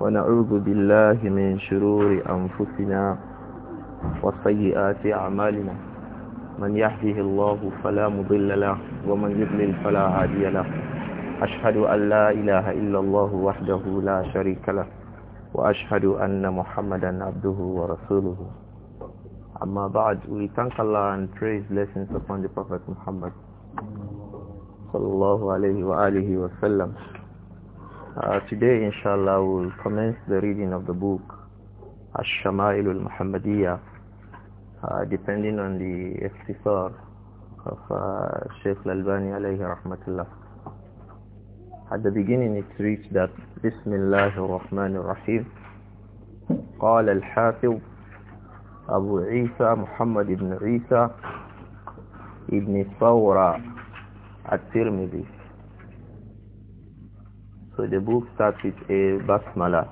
ونعوذ بالله من شرور أنفسنا وسيئات أعمالنا من يهده الله فلا مضل له ومن يضلل فلا هادي له أشهد أن لا إله إلا الله وحده لا شريك له وأشهد أن محمدا عبده ورسوله أما بعد we thank Allah and praise blessings upon the Prophet Muhammad صلى الله عليه وآله وسلم Uh, today, inshallah, we'll commence the reading of the book Ash-Shama'il al-Muhammadiyya, uh, depending on the iftisar of uh, Sheikh Al-Albani alayhi rahmatullah. At the beginning it reads that Bismillah ar-Rahman ar-Rahim قال الحافظ أبو عيسى محمد بن عيسى ابن ثورة الترمذي so the book starts with a basmala.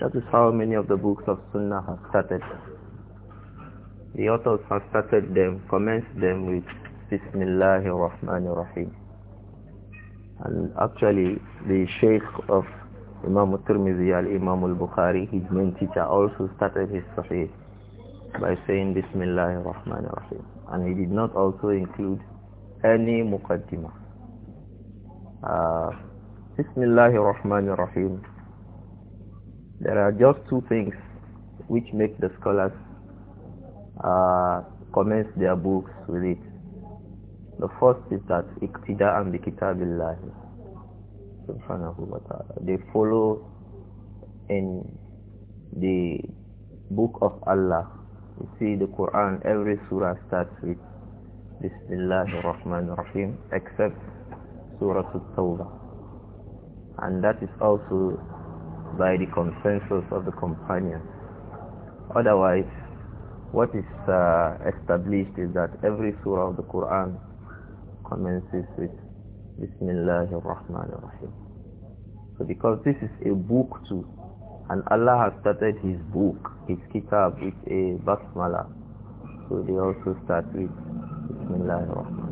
That is how many of the books of Sunnah have started. The authors have started them, commenced them with Bismillahir Rahmanir Rahim. And actually, the Sheikh of Imam al-Tirmidhi al-Imam al-Bukhari, his main teacher, also started his Sahih by saying Bismillahir Rahmanir Rahim. And he did not also include any muqaddimah. Uh, Bismillah ar-Rahman rahim There are just two things which make the scholars uh, commence their books with it. The first is that iqtida and the kitabillah subhanahu wa ta'ala. They follow in the book of Allah. You see the Quran, every surah starts with Bismillah ar-Rahman rahim except Surah At-Tawbah and that is also by the consensus of the companions. Otherwise, what is uh, established is that every surah of the Quran commences with Bismillah ar-Rahman rahim So because this is a book too, and Allah has started his book, his kitab with a basmala, so they also start with Bismillah ar-Rahman.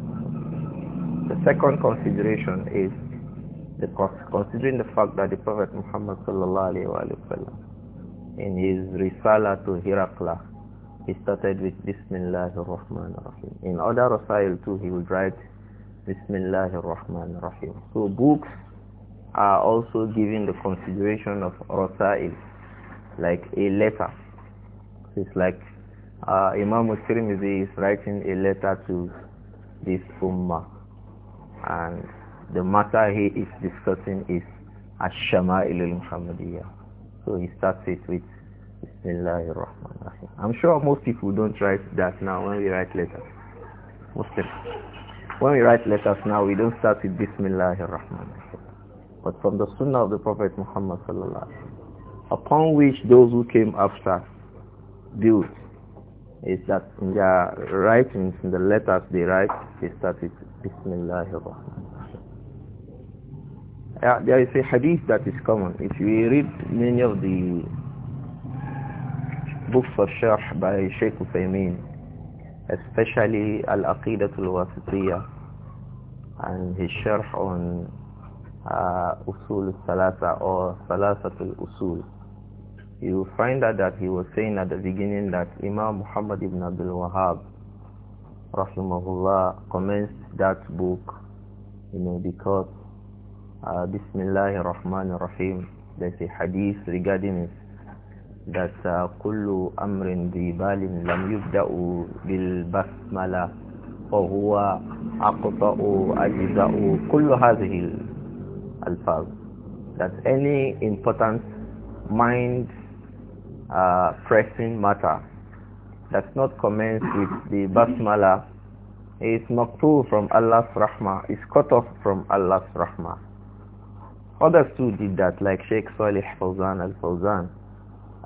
The second consideration is considering the fact that the Prophet Muhammad sallallahu alayhi wa in his Risala to Herakla, he started with Bismillah ar-Rahman rahim In other Rasail too, he would write Bismillah ar-Rahman rahim So books are also given the consideration of Rasail, like a letter. It's like uh, Imam al-Tirmidhi is writing a letter to this Ummah. And the matter he is discussing is Ash-Shama'il al-Muhammadiyya. So he starts it with Bismillahir Rahmanir Rahim. I'm sure most people don't write that now when we write letters. Most people. When we write letters now, we don't start with Bismillahir Rahmanir Rahim. But from the Sunnah of the Prophet Muhammad sallallahu alaihi wasallam, upon which those who came after built, is that in their writings, in the letters they write, they start with Bismillahir Rahmanir uh, there is a hadith that is common. If you read many of the books of Sharh by Sheikh Uthaymeen, especially al al Wasitiyah and his Sharh on uh, Usul Salasa or Salasatul Usul, you find out that he was saying at the beginning that Imam Muhammad ibn Abdul Wahhab rahimahullah commenced that book you know, because uh, Bismillah ar-Rahman ar-Rahim that a hadith regarding it that uh, kullu amrin bi balin lam yubda'u bil basmala فهو أقطع أجزاء كل هذه الألفاظ that any important mind uh, pressing matter does not commence with the basmala is maqtu from Allah's rahmah is cut off from Allah's rahmah Others too did that, like Sheikh Salih Fawzan al-Fawzan.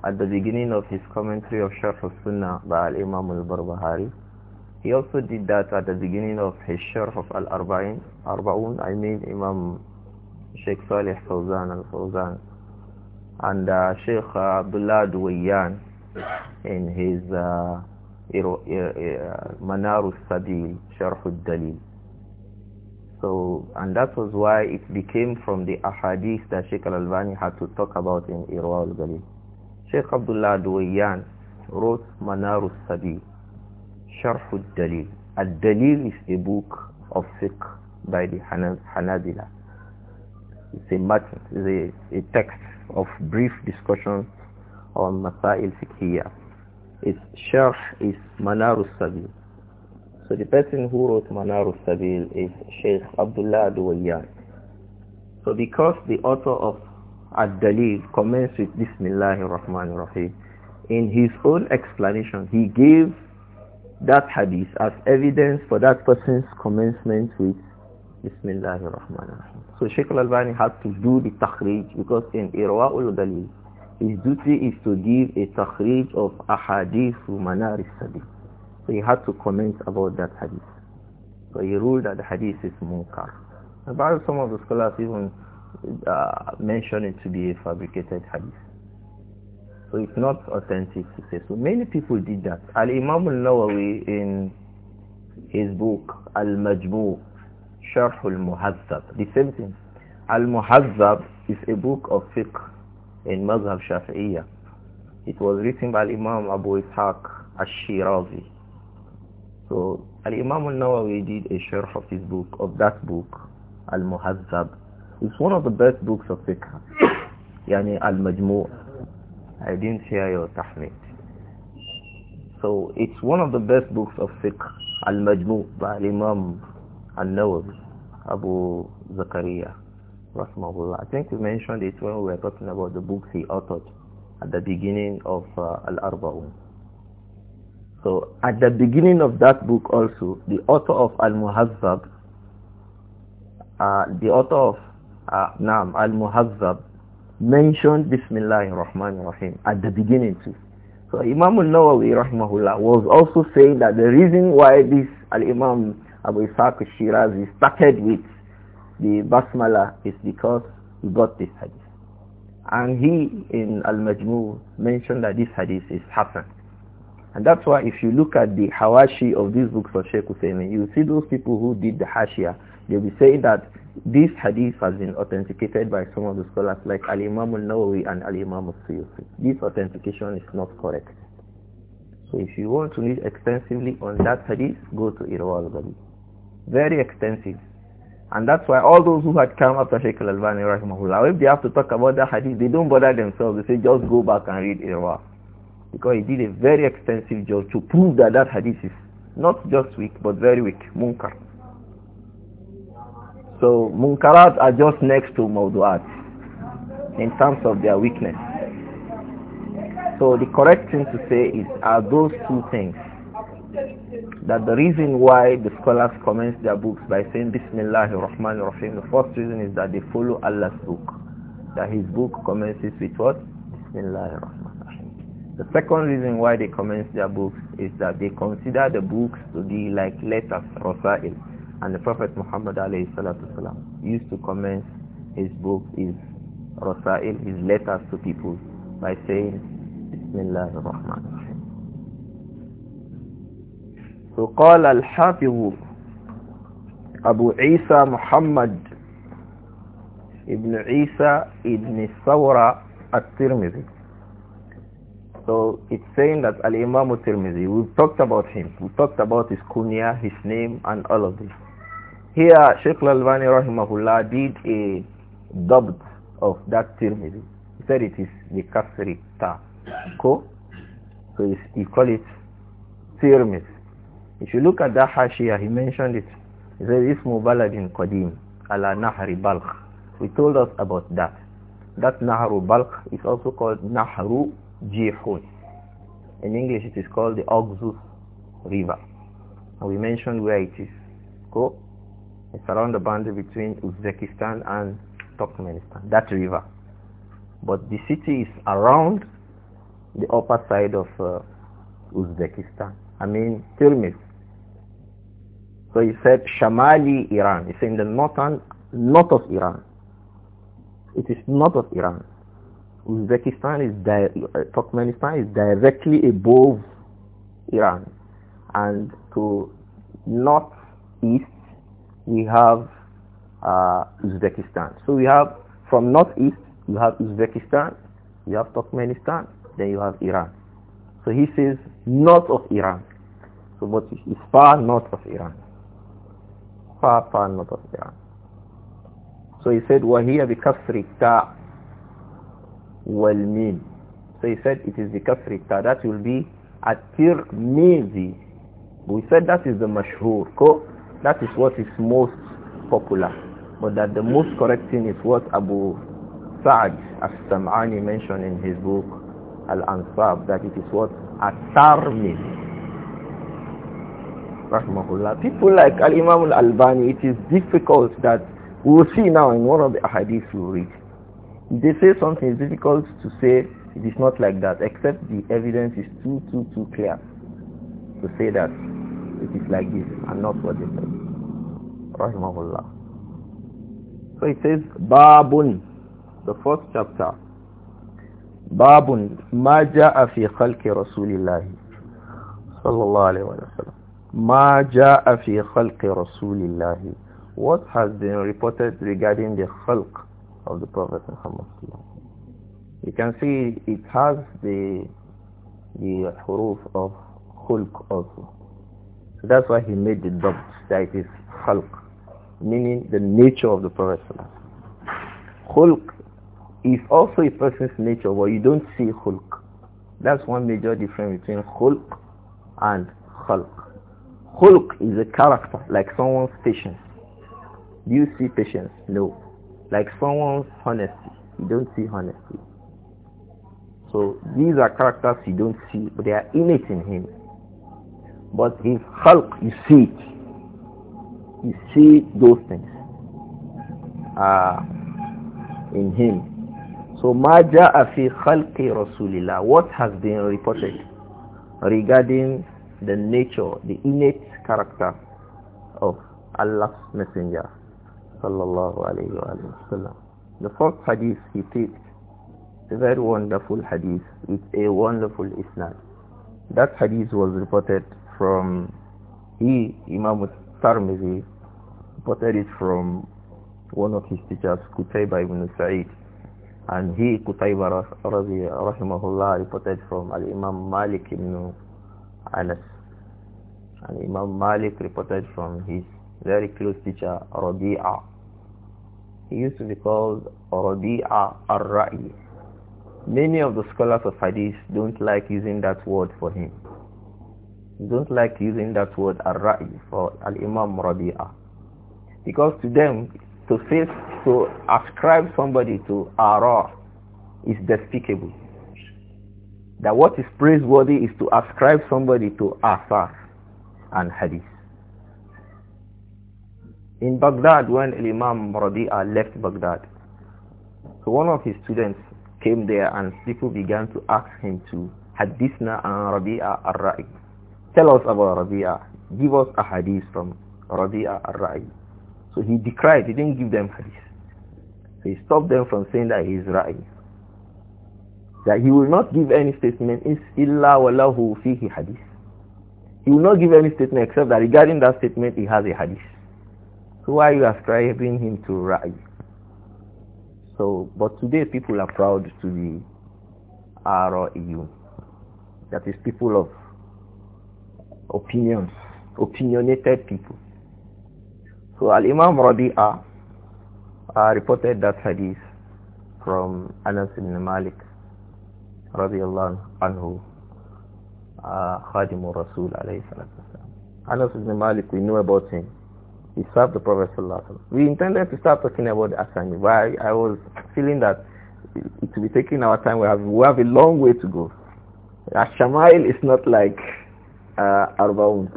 At the beginning of his commentary of Sharh al-Sunnah by al imam al-Barbahari, he also did that at the beginning of his Sharh of al-Arba'in, Arba'un, I mean Imam Sheikh Salih Fawzan al-Fawzan. And uh, Sheikh Abdullah Duwayyan in his uh, uh, uh Manar al-Sabil, Sharh al-Dalil. So, and that was why it became from the ahadith that Sheikh Al-Albani had to talk about in Irwa al-Ghalib. Sheikh Abdullah Duwayan wrote Manar al-Sabi, Sharh al-Dalil. Al-Dalil is a book of fiqh by the Hanadila. It's a, matter, it's a, a text of brief discussion on Masail Fiqhiyah. Its Sharh is Manar al-Sabi. So the person who wrote Manar Sabil is Sheikh Abdullah Aduwayyan. So because the author of Ad-Dalil commenced with Bismillahir Rahmanir Rahim, in his own explanation, he gave that hadith as evidence for that person's commencement with Bismillahir Rahmanir Rahim. So Sheikh Al-Albani had to do the takhrij because in Irwa'ul Dalil, his duty is to give a takhrij of ahadith through Manar Sabil. So he had to comment about that hadith. So he ruled that the hadith is munkar. About some of the scholars even uh, mention it to be a fabricated hadith. So it's not authentic to say. So many people did that. Al-Imam al-Nawawi in his book Al-Majmu' Sharh al-Muhazzab, the same thing. Al-Muhazzab is a book of fiqh in Mazhab Shafi'iyah. It was written by Imam Abu Ishaq al-Shirazi so Al-Imam al-Nawawi did a share of his book, of that book, Al-Muhazzab. It's one of the best books of fiqh. yani Al-Majmu' I didn't hear your tahmid. So it's one of the best books of fiqh, Al-Majmu' by Imam al-Nawawi, Abu Zakaria. Rahmahullah. I think we mentioned it when we were talking about the books he authored at the beginning of uh, Al-Arba'un. So at the beginning of that book also, the author of Al-Muhazzab, uh, the author of uh, Naam Al-Muhazzab mentioned Bismillah ar-Rahman rahim at the beginning too. So Imam al-Nawawi rahimahullah was also saying that the reason why this Al-Imam Abu Ishaq al-Shirazi started with the Basmala is because he got this hadith. And he in Al-Majmu mentioned that this hadith is Hassan. And that's why if you look at the hawashi of these books of Sheikh Hussein, you see those people who did the hashia, they'll be saying that this hadith has been authenticated by some of the scholars like Ali imam al-Nawawi and Ali imam al-Suyuti. This authentication is not correct. So if you want to read extensively on that hadith, go to Irwa al-Ghabi. Very extensive. And that's why all those who had come after Sheikh al-Albani if they have to talk about that hadith, they don't bother themselves. They say, just go back and read Irwa. Because he did a very extensive job to prove that that hadith is not just weak, but very weak, munkar. So munkarat are just next to mawdu'at in terms of their weakness. So the correct thing to say is are those two things. That the reason why the scholars commence their books by saying Bismillahir Rahmanir Rahim, the first reason is that they follow Allah's book. That his book commences with what? Bismillahir Rahman. The second reason why they commence their books is that they consider the books to be like letters, rasail. And the Prophet Muhammad والسلام, used to commence his book, his rasail, his letters to people by saying, Bismillah ar-Rahman so قال الحافظ أبو عيسى محمد ابن عيسى ابن الثورة الترمذي so it's saying that Al-Imam Tirmidhi, we've talked about him. We've talked about his kunya, his name, and all of this. Here, Sheikh Al-Albani rahimahullah did a dubbed of that Tirmidhi. He said it is the Kasri Ta. Ko? So he call it Tirmidhi. If you look at that Hashia, he mentioned it. He said, it's Mubaladin Qadim, ala Nahri Balkh. We told us about that. That Nahru Balkh is also called Nahru Jihun. In English, it is called the Oxus River. And we mentioned where it is. Go. It's around the boundary between Uzbekistan and Turkmenistan, that river. But the city is around the upper side of uh, Uzbekistan. I mean, me. So he said, Shamali Iran. It's in the northern, north of Iran. It is north of Iran. Uzbekistan is uh, Turkmenistan is directly above Iran, and to northeast we have uh, Uzbekistan. So we have from northeast you have Uzbekistan, you have Turkmenistan, then you have Iran. So he says north of Iran. So what is far north of Iran. Far, far north of Iran. So he said, وَهِيَ بِكَسْرِ التَّاءِ wal mim. So he said it is the kafrita. That will be at-tirmizi. We said that is the mashhur. Ko? That is what is most popular. But that the most correct thing is what Abu Sa'd as-Sam'ani mentioned in his book Al-Ansab. That it is what? atar tarmizi People like Al-Imam Al-Albani, it is difficult that we will see now in one of the hadiths we read if they say something is difficult to say, it is not like that, except the evidence is too, too, too clear to say that it is like this and not what they say. Rahimahullah. So it says, Babun, the first chapter. Babun, ما جاء في خلق رسول الله صلى الله عليه وسلم ما جاء في خلق رسول الله What has been reported regarding the خلق of the Prophet Muhammad. You can see it has the the huruf of khulq also. So that's why he made the doubt that it is khalq, meaning the nature of the Prophet. Khulq is also a person's nature, but you don't see khulq. That's one major difference between khulq and khulq. Khulq is a character, like someone's patience. Do you see patience? No. Like someone's honesty, you don't see honesty. So these are characters you don't see, but they are innate in him. But his hulk, you see it. You see those things uh, in him. So maja fi khalqi rasulillah. What has been reported regarding the nature, the innate character of Allah's messenger sallallahu alayhi wa The fourth hadith he picked, a very wonderful hadith with a wonderful isnad. That hadith was reported from he, Imam Tarmizi, reported it from one of his teachers, Qutayba ibn Sa'id. And he, Qutayba Razi, rahimahullah, reported from Al-Imam Malik ibn Anas. And Imam Malik reported from his very close teacher, Rabi'ah he used to be called Rabi'a al-Ra'i. Many of the scholars of hadith don't like using that word for him. They don't like using that word al-Ra'i for al-Imam Rabi'a. Because to them, to face, to ascribe somebody to Ara is despicable. That what is praiseworthy is to ascribe somebody to Asar and Hadith in Baghdad when Imam Rabi'a left Baghdad. So one of his students came there and people began to ask him to Hadithna an Rabi'a al-Ra'i. Tell us about Rabi'a. Give us a hadith from Rabi'a al-Ra'i. So he decried, he didn't give them hadith. So he stopped them from saying that he is Ra'i. That he will not give any statement, is illa walahu fihi hadith. He will not give any statement except that regarding that statement he has a hadith. Who are you ascribing him to rise? So, but today people are proud to be Ra'iyun. That is people of opinions, opinionated people. So Al-Imam Rabi'ah uh, reported that hadith from Anas ibn Malik radiallahu anhu uh, Khadimu Rasul alayhi salatu Anas ibn Malik, we know about him. He served the Prophet We intended to start talking about the assignment, but I, I was feeling that it, will be taking our time. We have, we have a long way to go. Ashamail is not like uh, Arbaun.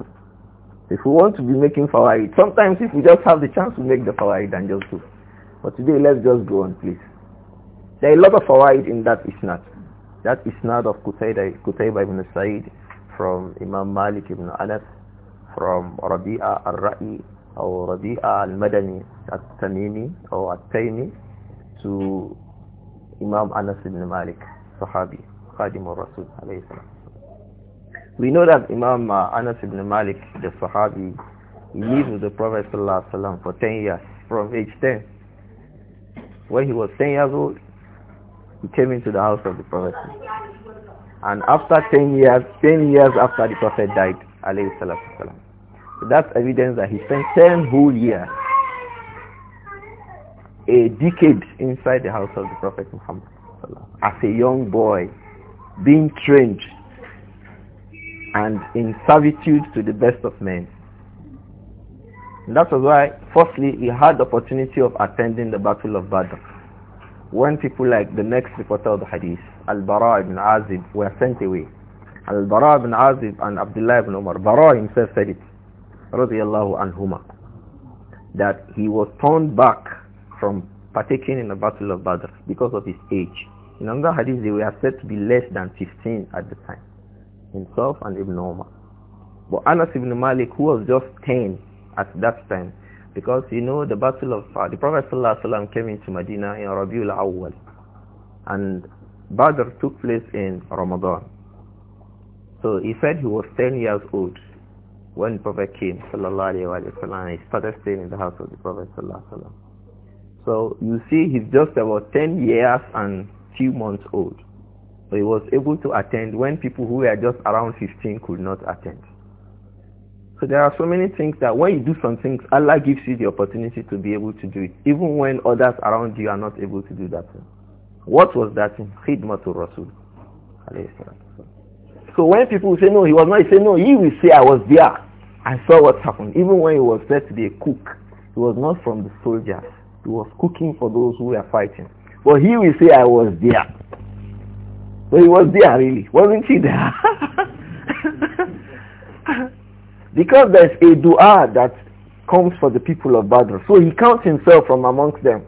If we want to be making fawaid, sometimes if we just have the chance to make the fawaid and just do. But today, let's just go on, please. There are a lot of fawaid in that isnad. That isnad of Qutayba, Qutayba ibn Sa'id from Imam Malik ibn Anas from Rabi'a al-Ra'i or Rabi'a al-Madani al-Tamimi or al-Taymi to Imam Anas ibn Malik, Sahabi, Khadim al-Rasul We know that Imam uh, Anas ibn Malik, the Sahabi, he lived with the Prophet ﷺ for 10 years, from age 10. When he was 10 years old, he came into the house of the Prophet. And after 10 years, 10 years after the Prophet died, alayhi salatu that's evidence that he spent 10 whole years, a decade inside the house of the Prophet Muhammad as a young boy, being trained and in servitude to the best of men. And that was why, firstly, he had the opportunity of attending the Battle of Badr. When people like the next reporter of the Hadith, Al-Bara ibn Azib, were sent away, Al-Bara ibn Azib and Abdullah ibn Umar, Bara himself said it, radiallahu anhuma, that he was turned back from partaking in the Battle of Badr because of his age. In another hadith, they were said to be less than 15 at the time, himself and Ibn Umar. But Anas ibn Malik, who was just 10 at that time, because you know the Battle of uh, the Prophet ﷺ came into Medina in Rabiul Awwal, and Badr took place in Ramadan. So he said he was 10 years old when Prophet came, sallallahu alayhi wa sallam, he started staying in the house of the Prophet sallallahu alayhi wa sallam. So you see he's just about 10 years and few months old. So he was able to attend when people who were just around 15 could not attend. So there are so many things that when you do some things, Allah gives you the opportunity to be able to do it, even when others around you are not able to do that thing. What was that thing? Khidmatul Rasul. So when people say no, he was not, he say no, he will say I was there. I saw what happened. Even when he was said to be a cook, he was not from the soldiers. He was cooking for those who were fighting. But he will say, I was there. So he was there really. Wasn't he there? because there's a dua that comes for the people of Badr. So he counts himself from amongst them.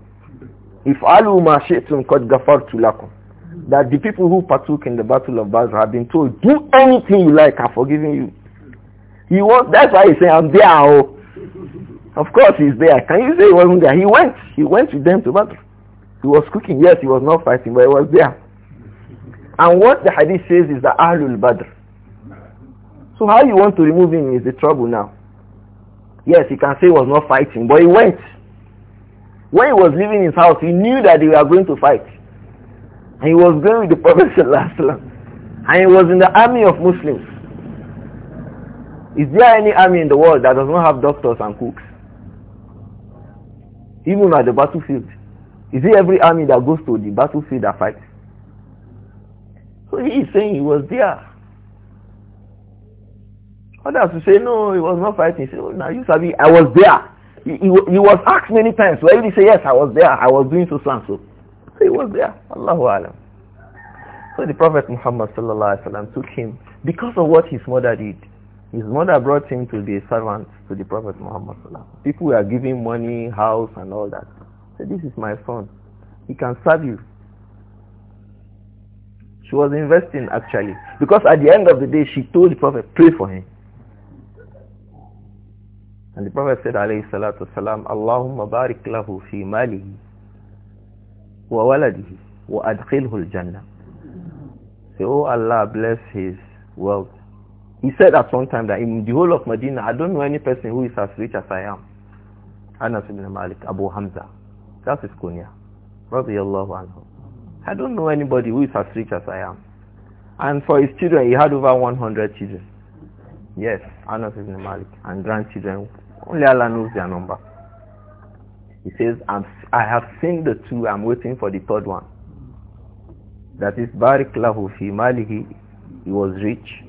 If alu ma shi'tum called Gafar lakum. That the people who partook in the battle of Badr have been told, do anything you like, I've forgiven you. He was, that's why he said, I'm there. Oh. Of course he's there. Can you say he wasn't there? He went. He went with them to battle. He was cooking. Yes, he was not fighting, but he was there. And what the hadith says is that Ahlul Badr. So how you want to remove him is the trouble now. Yes, he can say he was not fighting, but he went. When he was leaving his house, he knew that they were going to fight. And he was going with the Prophet and he was in the army of Muslims. Is there any army in the world that does not have doctors and cooks? Even at the battlefield. Is it every army that goes to the battlefield that fights? So he is saying he was there. Others will say, no, he was not fighting. He said, oh, now you say I was there. He, he, he, was asked many times. Why did he say, yes, I was there. I was doing so and so. So he was there. Allahu Alam. So the Prophet Muhammad sallallahu alaihi wasallam took him because of what his mother did. His mother brought him to be a servant to the Prophet Muhammad. People were giving money, house, and all that. So this is my son. He can serve you. She was investing actually. Because at the end of the day, she told the Prophet, pray for him. And the Prophet said, alayhi salatu salam, Allahumma barik lahu fi malihi wa waladihi wa adkhilhu al-jannah. Say, oh Allah, bless his wealth he said at one time that in the whole of Medina, I don't know any person who is as rich as I am. Anas ibn Malik, Abu Hamza. That's his kunya. Radiallahu anhu. I don't know anybody who is as rich as I am. And for his children, he had over 100 children. Yes, Anas ibn Malik. And grandchildren, only Allah knows their number. He says, i have seen the two, I'm waiting for the third one. That is Barik Lahu fi Malihi. He was rich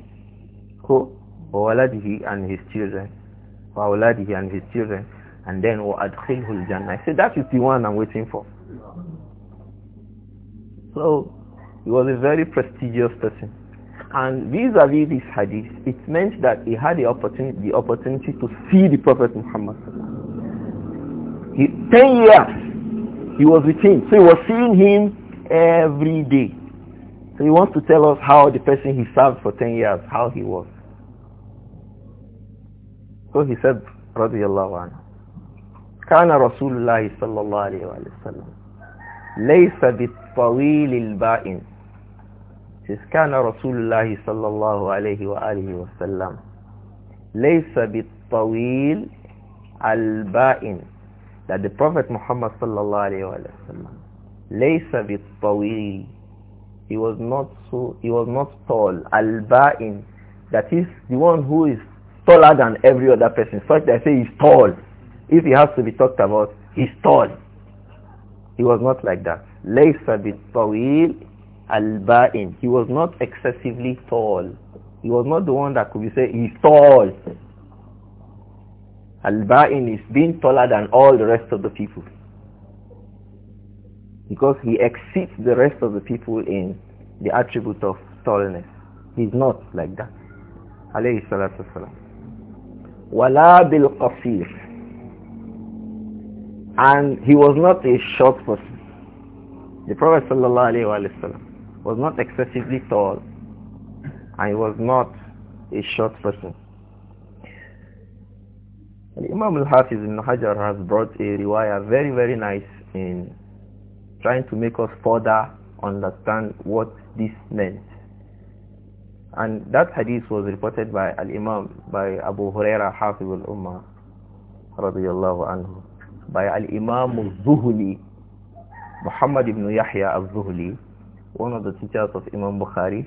ko وَوَلَدِهِ and his children وَأَوْلَادِهِ and his children and then وَأَدْخِلْهُ الْجَنَّةِ I said that is the one I'm waiting for so he was a very prestigious person and vis-a-vis -vis this hadith it meant that he had the opportunity the opportunity to see the Prophet Muhammad he, 10 years he was with him so he was seeing him every day so he wants to tell us how the person he served for 10 years how he was So he said, الله عنه كان رسول الله صلى الله عليه وسلم ليس بالطويل البائن says, كان رسول الله صلى الله عليه وآله وسلم ليس بالطويل البائن that the Prophet Muhammad صلى الله عليه وسلم ليس بالطويل he was not so he was not tall al-ba'in that is the one who is taller than every other person. Such that I say he's tall. If he has to be talked about, he's tall. He was not like that. لَيْسَ بِالطَّوِيلِ الْبَائِنِ He was not excessively tall. He was not the one that could be said, he's tall. Al-Ba'in is being taller than all the rest of the people. Because he exceeds the rest of the people in the attribute of tallness. He's not like that. Alayhi salatu salam wala bil qasir and he was not a short person the prophet sallallahu was not excessively tall and he was not a short person and imam al-hafiz ibn hajar has brought a riwayah very very nice in trying to make us further understand what this meant and that hadith was reported by Al-Imam, by Abu Huraira, Hafiz al-Ummah, radiyallahu anhu, by Al-Imam al-Zuhli, Muhammad ibn Yahya al-Zuhli, one of the teachers of Imam Bukhari,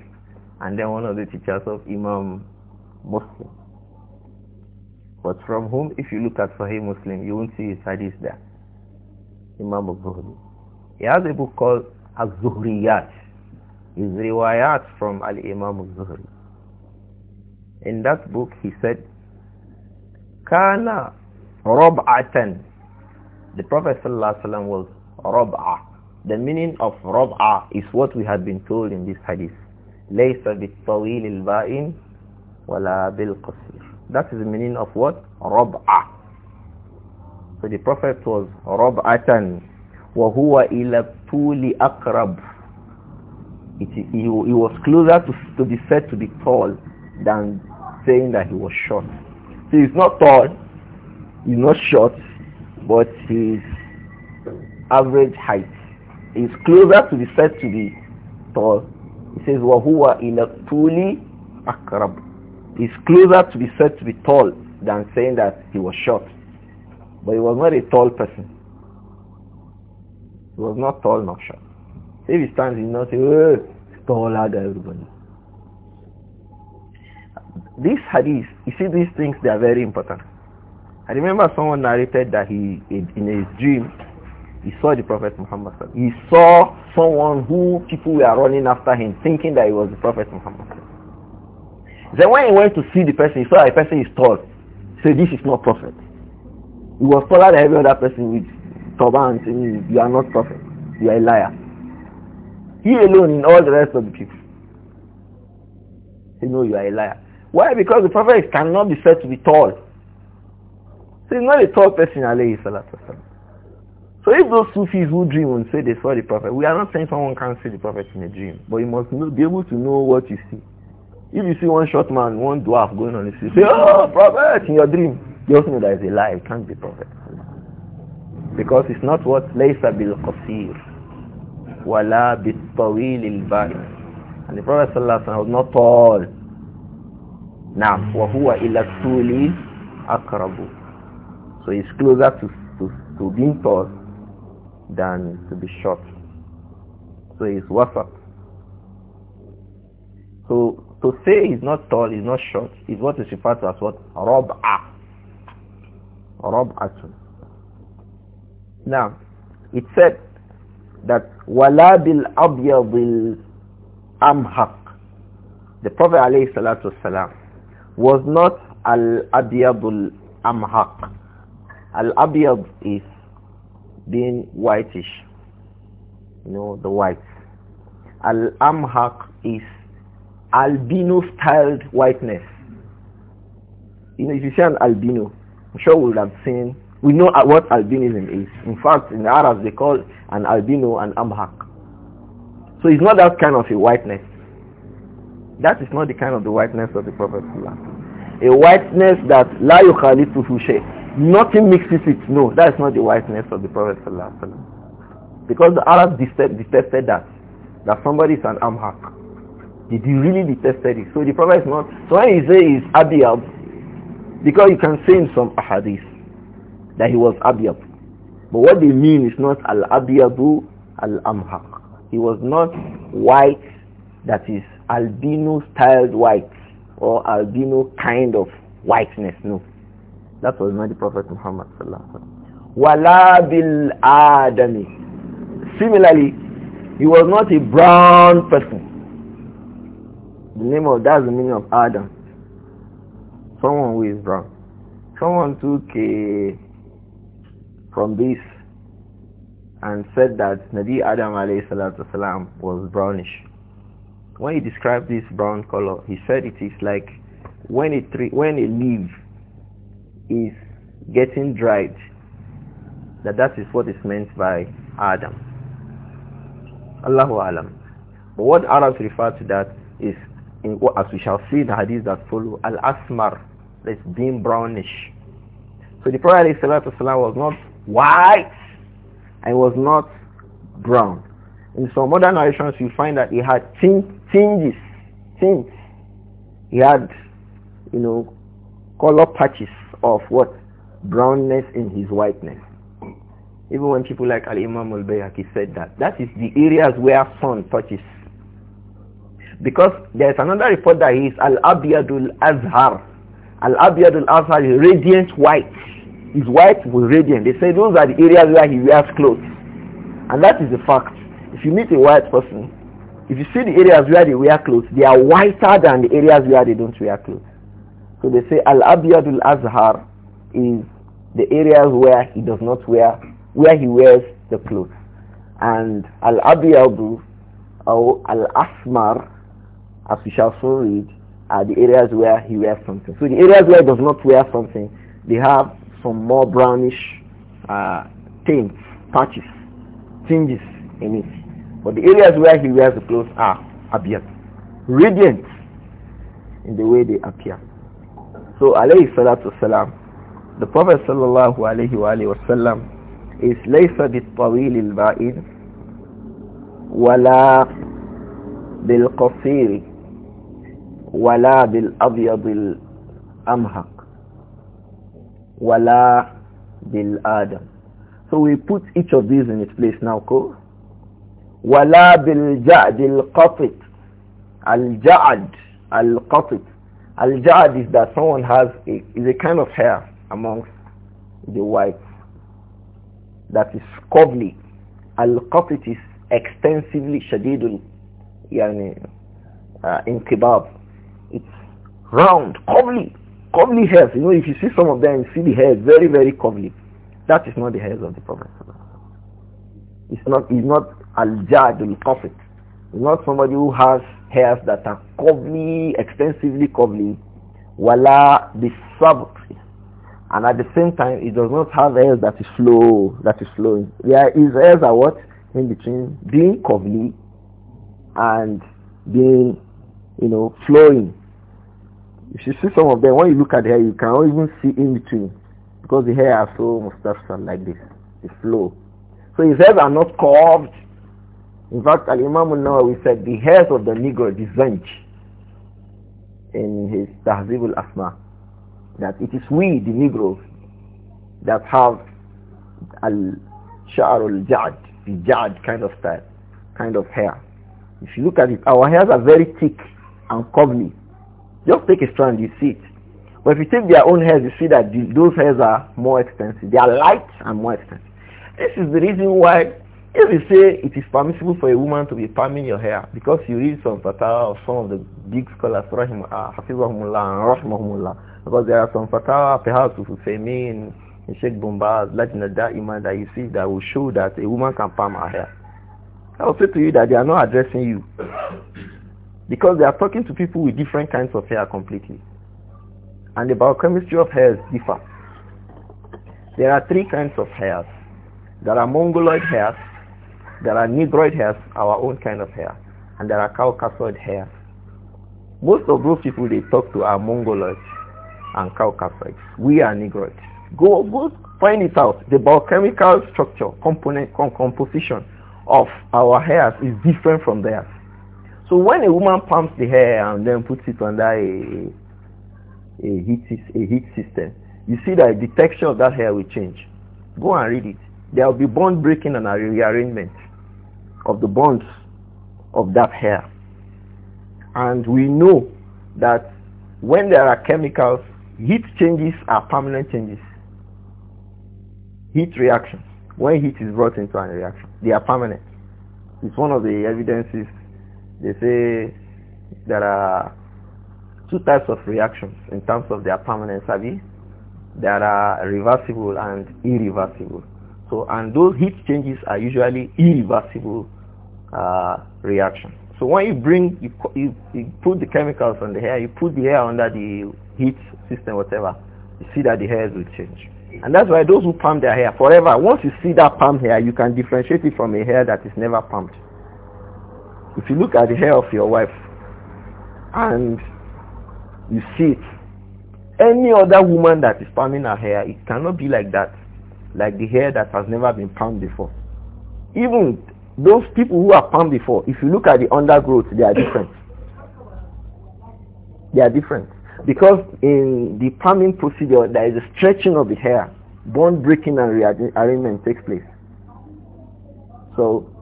and then one of the teachers of Imam Muslim. But from whom, if you look at Sahih Muslim, you won't see his hadith there. Imam al-Zuhli. He has a book called Az-Zuhriyat is riwayat from Al-Imam al-Zuhri. In that book he said, Kana rob'atan. The Prophet ﷺ was rob'a. The meaning of rob'a is what we have been told in this hadith. لَيْسَ بِالطَّوِيلِ الْبَائِنِ bil-qasir." That That is the meaning of what? Rob'a. So the Prophet was rob'atan. وَهُوَ ila الطُّولِ akrab. It, he, he was closer to, to be said to be tall than saying that he was short. So he's not tall, he's not short, but his average height is closer to be said to be tall. He says, in a الطُّولِ أَقْرَبُ He's closer to be said to be tall than saying that he was short. But he was not a tall person. He was not tall nor short if he stands, he will not say, oh, taller than everybody. These hadith, you see these things, they are very important. I remember someone narrated that he, in his dream, he saw the Prophet Muhammad. He saw someone who people were running after him, thinking that he was the Prophet Muhammad. Then when he went to see the person, he saw a person is tall. He said, this is not Prophet. He was taller than every other person with turban. You are not Prophet. You are a liar. He alone in all the rest of the people. Say, know you are a liar. Why? Because the Prophet cannot be said to be tall. So he's not a tall person, alayhi salatu So if those Sufis who dream and say they saw the Prophet, we are not saying someone can't see the Prophet in a dream, but you must know, be able to know what you see. If you see one short man, one dwarf going on the street, say, oh, Prophet, in your dream, you also know that is a lie, it can't be Prophet. Because it's not what, laysa bil qasir wala bitawil al And the Prophet sallallahu alaihi wasallam was not tall. Now, wa huwa ila tuli akrabu. So he's closer to, to, to being tall than to be short. So he's wasat. So to say he's not tall, he's not short, is what is referred to as what? Rob'a. Rob'atun. Now, it said that wala bil abyadil amhaq the prophet alayhi salatu wasalam was not al abyadul amhaq al abyad is being whitish you know the white al amhaq is albino styled whiteness you know if you see an albino i'm sure we would have seen we know what albinism is. In fact, in the Arabs they call an albino an amhak. So it's not that kind of a whiteness. That is not the kind of the whiteness of the Prophet A whiteness that la yukhalifuhu fushay. Nothing mixes it. No, that is not the whiteness of the Prophet Because the Arabs detested, that. That somebody is an amhak. Did you really detested it? So the Prophet is not. So when he say is abiyab, because you can say in some ahadith, that he was abiyabu, But what they mean is not al abiyabu al-amhaq. He was not white that is albino styled white or albino kind of whiteness. No. That was not the Prophet Muhammad sallallahu Wala bil adami. Similarly, he was not a brown person. The name of that's the meaning of Adam. Someone who is brown. Someone took a from this and said that Nabi Adam والسلام, was brownish. When he described this brown color, he said it is like when a tree, when a leaf is getting dried, that that is what is meant by Adam. Allahu Alam. But what Arabs refer to that is, in, as we shall see in the hadith that follow, Al-Asmar, that's being brownish. So the Prophet as-Salam was not white and was not brown. In some other narrations, you find that he had tinges, tinges. He had, you know, color patches of what? Brownness in his whiteness. Even when people like Al-Imam al-Bayhaqi said that, that is the areas where sun touches. Because there's another report that he is Al-Abiyadul Azhar. Al-Abiyadul Azhar is radiant white his wife was radiant. They say those are the areas where he wears clothes. And that is a fact. If you meet a white person, if you see the areas where they wear clothes, they are whiter than the areas where they don't wear clothes. So they say Al-Abiyadul Azhar is the areas where he does not wear, where he wears the clothes. And Al-Abiyadu or Al-Asmar, as we shall soon read, are the areas where he wears something. So the areas where he does not wear something, they have some more brownish uh, tints, patches, tinges in it. But the areas where he wears the clothes are abiyat, radiant in the way they appear. So alayhi salatu salam, the Prophet sallallahu alayhi wa alayhi wa sallam is laysa بالطويل البائن ولا بالقصير ولا بالأبيض الأمهق wala bil adam so we put each of these in its place now ko wala bil ja'd al qafit al ja'd al qafit al ja'd is that someone has a, is a kind of hair amongst the whites that is covely al qafit is extensively shadidul yani uh, kebab, it's round covely Comely heads. you know, if you see some of them, you see the hair very, very comely. That is not the heads of the Prophet. It's not, it's not al-jad, al-prophet. It's not somebody who has hairs that are comely, extensively comely. the bisabt. And at the same time, it does not have hairs that is slow, that is flowing. There is hairs are what? In between being comely and being, you know, flowing. If you see some of them, when you look at the hair, you cannot even see in between because the hair are so are like this. the flow. So his hairs are not curved. In fact, Al-Imam al we said the hairs of the Negro is zinj in his Tahzib al-Asma that it is we, the Negroes, that have al-sha'r the ja kind of style, kind of hair. If you look at it, our hairs are very thick and curly. Just take a strand, you see it. But if you take their own hairs, you see that those hairs are more extensive. They are light and more extensive. This is the reason why if you say it is permissible for a woman to be palming your hair because you read some fatwa of some of the big scholars, Rahimahumullah uh, and Rahimahumullah, because there are some fatwa perhaps with Femin, Sheikh Bombaz, Latina Da'ima that you see that will show that a woman can palm her hair. I will say to you that they are not addressing you. Because they are talking to people with different kinds of hair completely. And the biochemistry of hairs differ. There are three kinds of hairs. There are mongoloid hairs, there are negroid hairs, our own kind of hair, and there are caucasoid hairs. Most of those people they talk to are mongoloids and caucasoids. We are negroids. Go, go find it out. The biochemical structure, component, composition of our hairs is different from theirs. So when a woman pumps the hair and then puts it under a, a, heat, a heat system, you see that the texture of that hair will change. Go and read it. There will be bond breaking and rearrangement of the bonds of that hair. And we know that when there are chemicals, heat changes are permanent changes. Heat reactions. When heat is brought into a reaction, they are permanent. It's one of the evidences they say there are two types of reactions in terms of their permanence, Abi. There are reversible and irreversible. So, and those heat changes are usually irreversible uh, reactions. So when you bring, you, you, you, put the chemicals on the hair, you put the hair under the heat system, whatever, you see that the hairs will change. And that's why those who palm their hair forever, once you see that palm hair, you can differentiate it from a hair that is never palmed. If you look at the hair of your wife and you see it, any other woman that is palming her hair, it cannot be like that, like the hair that has never been palmed before. Even those people who are palmed before, if you look at the undergrowth, they are different. they are different. Because in the palming procedure, there is a stretching of the hair. Bone breaking and rearrangement takes place. So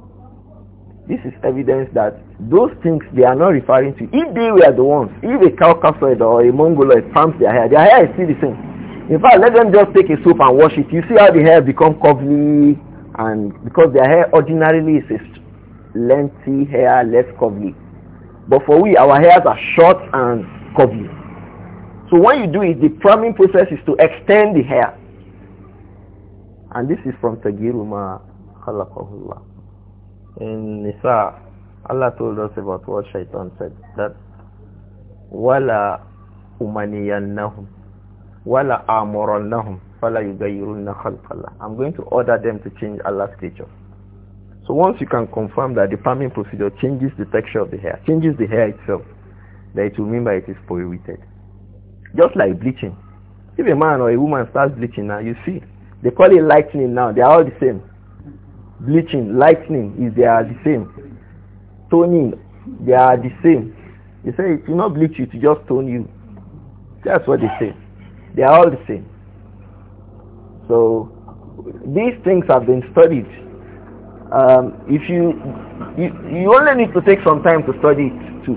this is evidence that those things they are not referring to. If they were the ones, if a Caucasoid or a Mongoloid palms their hair, their hair is still the same. In fact, let them just take a soap and wash it. You see how the hair become curly and because their hair ordinarily is a lengthy hair, less curly. But for we, our hairs are short and curly. So when you do it, the priming process is to extend the hair. And this is from Tagiruma Khalaqahullah in Nisa, Allah told us about what Shaitan said, that وَلَا أُمَنِيَنَّهُمْ وَلَا أَمُرَنَّهُمْ فَلَا يُغَيِّرُنَّ خَلْقَ اللَّهِ I'm going to order them to change Allah's creature. So once you can confirm that the farming procedure changes the texture of the hair, changes the hair itself, then it will mean that it is prohibited. Just like bleaching. If a man or a woman starts bleaching now, you see, they call it lightning now, they are all the same bleaching, lightning, is they are the same. Toning, they are the same. They say if you not bleach you, to just tone you. That's what they say. They are all the same. So these things have been studied. Um, if you, you you only need to take some time to study it too.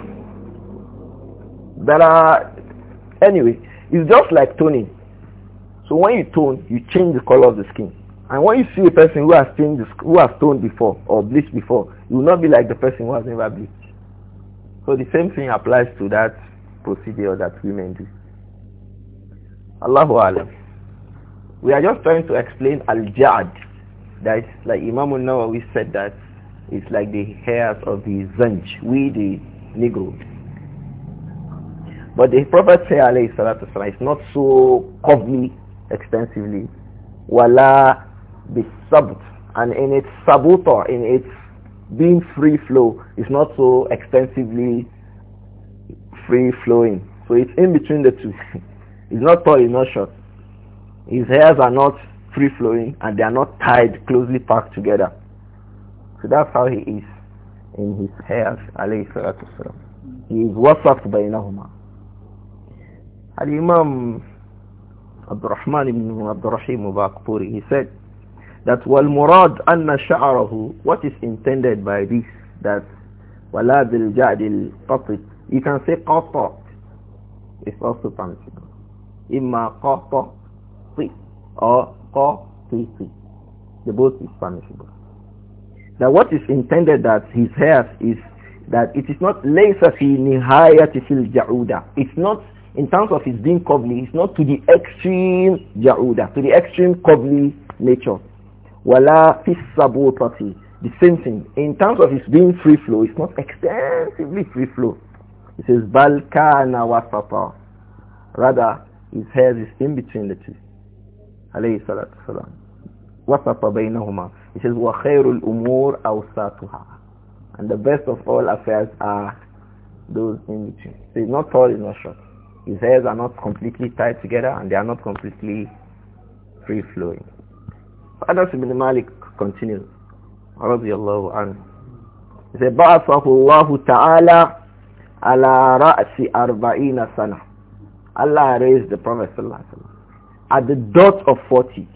But anyway, it's just like toning. So when you tone, you change the color of the skin. And when you see a person who has this, who has stoned before or bleached before, you will not be like the person who has never bleached. So the same thing applies to that procedure that women do. Allahu Alam. We are just trying to explain al-jad. That like Imam al-Nawawi said that it's like the hairs of the zanj, we the Negro. But the Prophet said, alayhi salatu wasalam, it's not so covely extensively bisabt and in its or in its being free flow, is not so extensively free flowing. So it's in between the two. it's not tall, it's not short. His hairs are not free flowing and they are not tied closely packed together. So that's how he is in his hairs, alayhi salatu wasalam. He is by bainahuma. Al-Imam Abdurrahman ibn Abdurrahim Mubarak Puri, he said, that wal murad anna sha'rahu what is intended by this that wala bil jadil qatl you can say qata it's also permissible imma qata fi or fi. the both is permissible now what is intended that his hair is that it is not laysa fi nihayati fil ja'uda it's not in terms of his being cobbly it's not to the extreme ja'uda to the extreme cobbly nature wala fi sabotati. The same thing. In terms of its being free flow, it's not extensively free flow. It says balkana wasata. Rather, his hair is in between the two. Alayhi salatu salam. Wasata huma. It says wa khairul umur awsatuha. And the best of all affairs are those in between. So he's not tall, he's not short. His hairs are not completely tied together and they are not completely free flowing. Anas ibn Malik continues, radiyallahu anhu. He said, بَعَثَهُ اللَّهُ تَعَالَى عَلَى رَأْسِ أَرْبَعِينَ Allah raised the Prophet sallallahu alayhi wasallam at the dot of 40.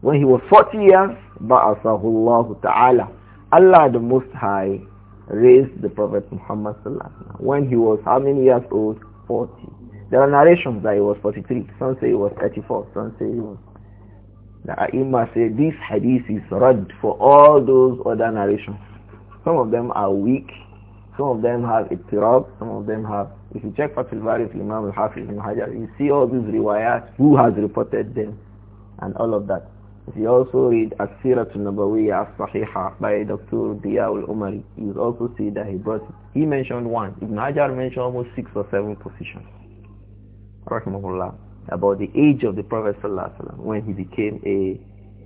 When he was 40 years, بَعَثَهُ اللَّهُ تَعَالَى Allah the Most High raised the Prophet Muhammad sallallahu alayhi when he was how many years old? 40. There are narrations that he was 43. Some say he was 34. Some say he was the Aima say this hadith is rad for all those other narrations. Some of them are weak, some of them have ittirab, some of them have... If you check Fatul Bari of Imam al-Hafiz ibn Hajar, you see all these riwayat, who has reported them, and all of that. If you also read As-Sirat al-Nabawiyya al-Sahiha by Dr. Diya al-Umari, you will also see that he brought it. He mentioned one. Ibn Hajar mentioned almost six or seven positions. Rahimahullah about the age of the Prophet when he became a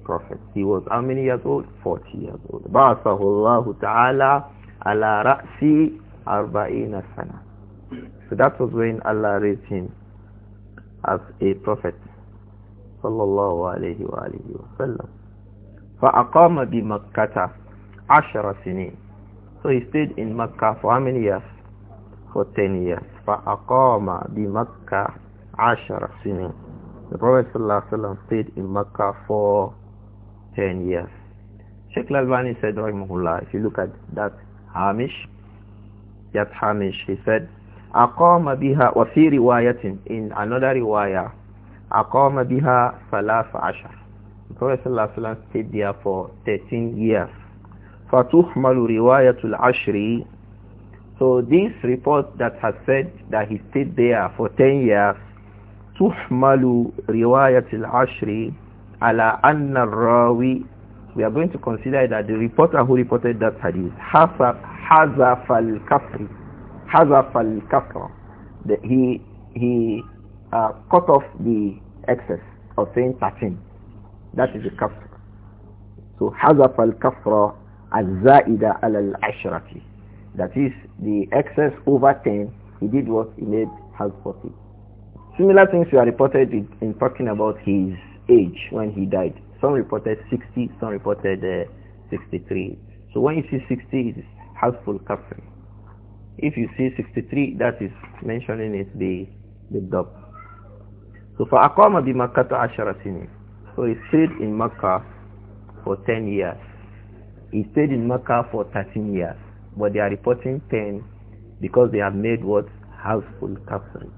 prophet. He was how many years old? 40 years old. Ba'athahullahu ta'ala ala ra'si arba'ina sana. So that was when Allah raised him as a prophet. Sallallahu alayhi wa alihi wa sallam. فَأَقَامَ بِمَكَّةَ عَشَرَ سِنِينَ So he stayed in Makkah for how many years? For 10 years. فَأَقَامَ بِمَكَّةَ ashara sinin. The Prophet ﷺ stayed in Mecca for 10 years. Sheikh said, if you look at that Hamish, that Hamish, he said, أقام بها وفي رواية in another riwayah أقام بها ثلاث عشر The Prophet صلى الله عليه وسلم stayed there for 13 years فتحمل رواية العشر So this report that has said that he stayed there for 10 years تحمل رواية العشر على أن الراوي we are going to consider that the reporter who reported that hadith حذف الكفر حذف الكفر he he uh, cut off the excess of saying 13 that is the kafr so حذف الكفر الزائدة على العشرة that is the excess over 10 he did what he made half 40 Similar things were reported in talking about his age when he died. Some reported 60, some reported uh, 63. So when you see 60, it is household kafir. If you see 63, that is mentioning it the the dub. So for Aqama bi Makkah ashara So he stayed in Makkah for 10 years. He stayed in Makkah for 13 years. But they are reporting 10 because they have made what? Household kafir.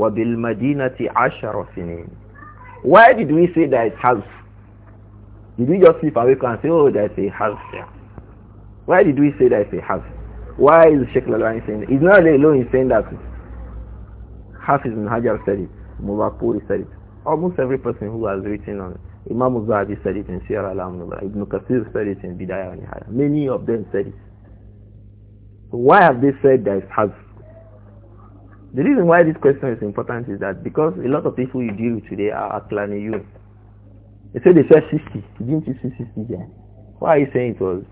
وَبِالْمَدِينَةِ عَشَرَ سِنِينَ Why did we say that it half? Did we just sleep awake and say, oh, that's a half Why did we say it's a half? Why is Sheikh Lalani saying that? He's not alone in saying that. Half is in Hajar said it. Mubarakpuri said it. Almost every person who has written on it. Imam Zahabi said it in Sierra al Ibn Qasir said it in Bidayah and Many of them said it. why have they said that it's hazf? The reason why this question is important is that because a lot of people you deal with today are Aklani you. They say they said 60. Didn't you see 60 there? Why are you saying it was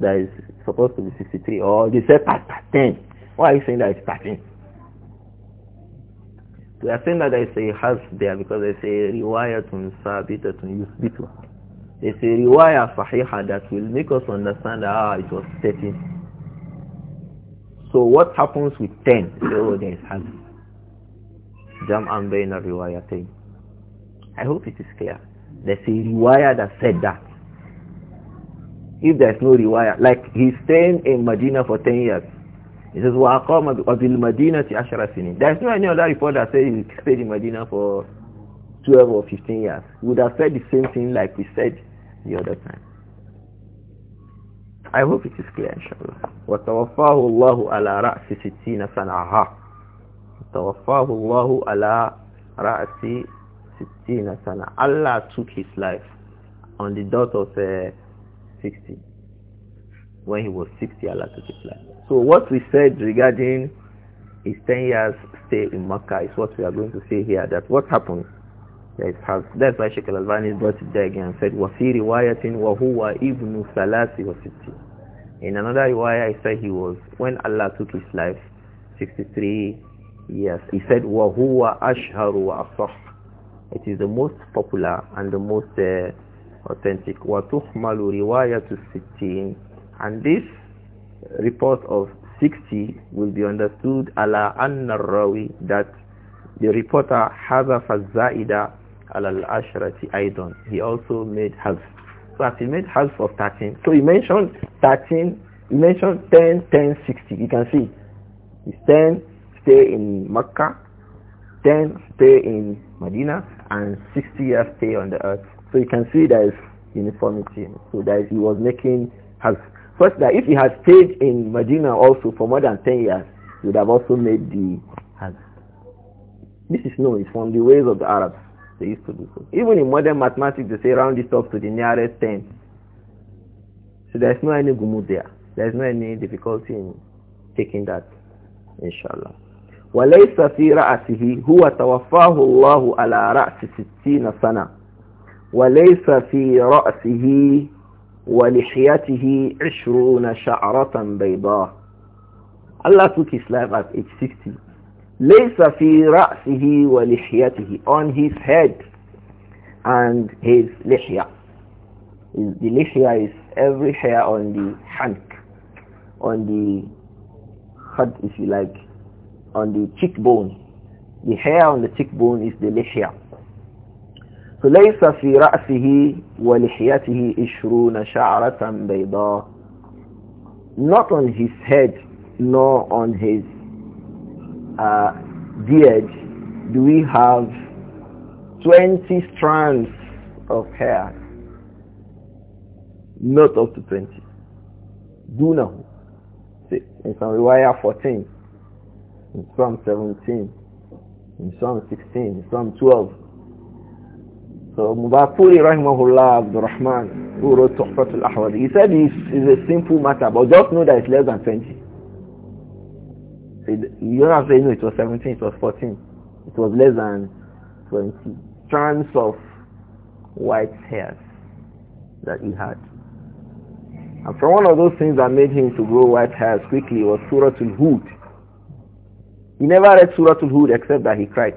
that is supposed to be 63? Or they said 10. Why are you saying that it's 13? They are saying that there is a has there because they say to to use yusbitu. They say riwayah sahiha that will make us understand that ah, it was 13. So what happens with 10? oh, there is hazard. Jam and Baina Riwayatain. I hope it is clear. There's a riwayah that said that. If there's no riwayah, like he's staying in Medina for 10 years. He says, وَأَقَامَ بِالْمَدِينَةِ عَشْرَ سِنِينَ There's no any other report that says he stayed in Medina for 12 or 15 years. He would have said the same thing like we said the other time. I hope it is clear, inshallah. وَتَوَفَّاهُ اللَّهُ عَلَى رَأْسِ سِتِّينَ سَنَعَهَا وَتَوَفَّاهُ اللَّهُ عَلى رَأْسِ سِتِّينَ سَنَعَ Allah took his life on the dot of uh, 60. When he was 60, Allah took his life. So what we said regarding his 10 years stay in Makkah is what we are going to say here, that what happened it has, that's why Sheikh Al-Albani brought it there again and said, وَفِي رِوَايَةٍ وَهُوَ إِبْنُ ثَلَاثِ وَسِتِّ In another riwayah, he said he was, when Allah took his life, 63 years, he said, وَهُوَ أَشْهَرُ وَأَصَحُ It is the most popular and the most uh, authentic. وَتُحْمَلُ رِوَايَةُ السِّتِّينَ And this report of 60 will be understood ala anna rawi that the reporter حذف Fazaida al ashrati aidan. He also made half. So as he made half of 13, so he mentioned 13, he mentioned 10, 10, 60. You can see, it's 10 stay in Mecca, 10 stay in Medina, and 60 years stay on the earth. So you can see there is uniformity. So that he was making half. First, that if he had stayed in Medina also for more than 10 years, he would have also made the half. This is known, it's from the ways of the Arabs. They used to do so. Even in modern mathematics, they say round this up to the nearest 10. So there's no any gumu there. There's no any difficulty in taking that, inshallah. وليس في رأسه هو توفاه الله على رأس ستين سنة وليس في رأسه ولحيته عشرون شعرة بيضاء Allah took his life at age 60 لَيْسَ فِي رَأْسِهِ وَلِحْيَتِهِ On his head and his lihya. Is the lihya is every hair on the hank, on the head if you like, on the cheekbone. The hair on the cheekbone is the lihya. So لَيْسَ فِي رَأْسِهِ وَلِحْيَتِهِ إِشْرُونَ شَعْرَةً بَيْضَاءَ Not on his head, nor on his uh, beard, do we have 20 strands of hair? Not up to 20. Do now. In some riwayah 14, in some 17, in some 16, in some 12. So Mubarakuri Rahimahullah Rahman, who wrote Tuhfat al-Ahwadi, he said it's, it's a simple matter, but just know that it's less than 20 you don't have to no. it was 17, it was 14. It was less than 20 strands of white hairs that he had. And from one of those things that made him to grow white hairs quickly was Surah Al-Hud. He never read Surah Al-Hud except that he cried.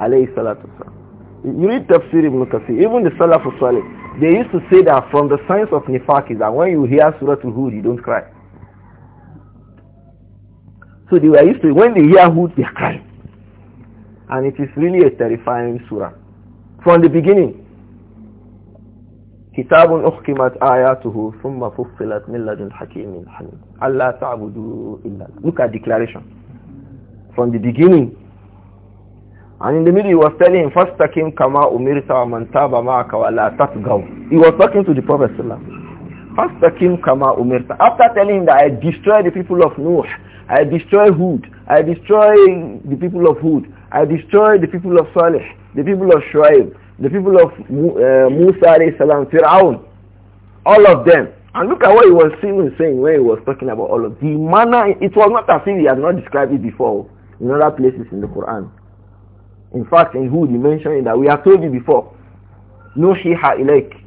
Alayhi salatu You read Tafsir ibn Kathir, even the Salaf of Salih, they used to say that from the signs of Nifaq is that when you hear Surah Al-Hud, you don't cry. So they were used to, when they hear who they are crying. And it is really a terrifying surah. From the beginning, كتاب أحكمت آياته ثم فصلت من لدن حكيم حميد ألا تعبدوا إلا Look at declaration. From the beginning. And in the middle he was telling him, فاستقم كما أمرت ومن تاب معك ولا تطغوا. He was talking to the Prophet sallallahu فَاسْتَقِمْ كَمَا أُمِرْتَ After telling that I destroy the people of Noah, I destroy Hud, I destroy the people of Hud, I destroy the people of Salih, the people of Shuaib, the people of uh, Musa alayhi salam, Fir'aun, all of them. And look at what he was even saying when he was talking about all of the manner. It was not as if he had not described it before in other places in the Quran. In fact, in Hud, he mentioned that we have told you before. Nuhiha ilayk.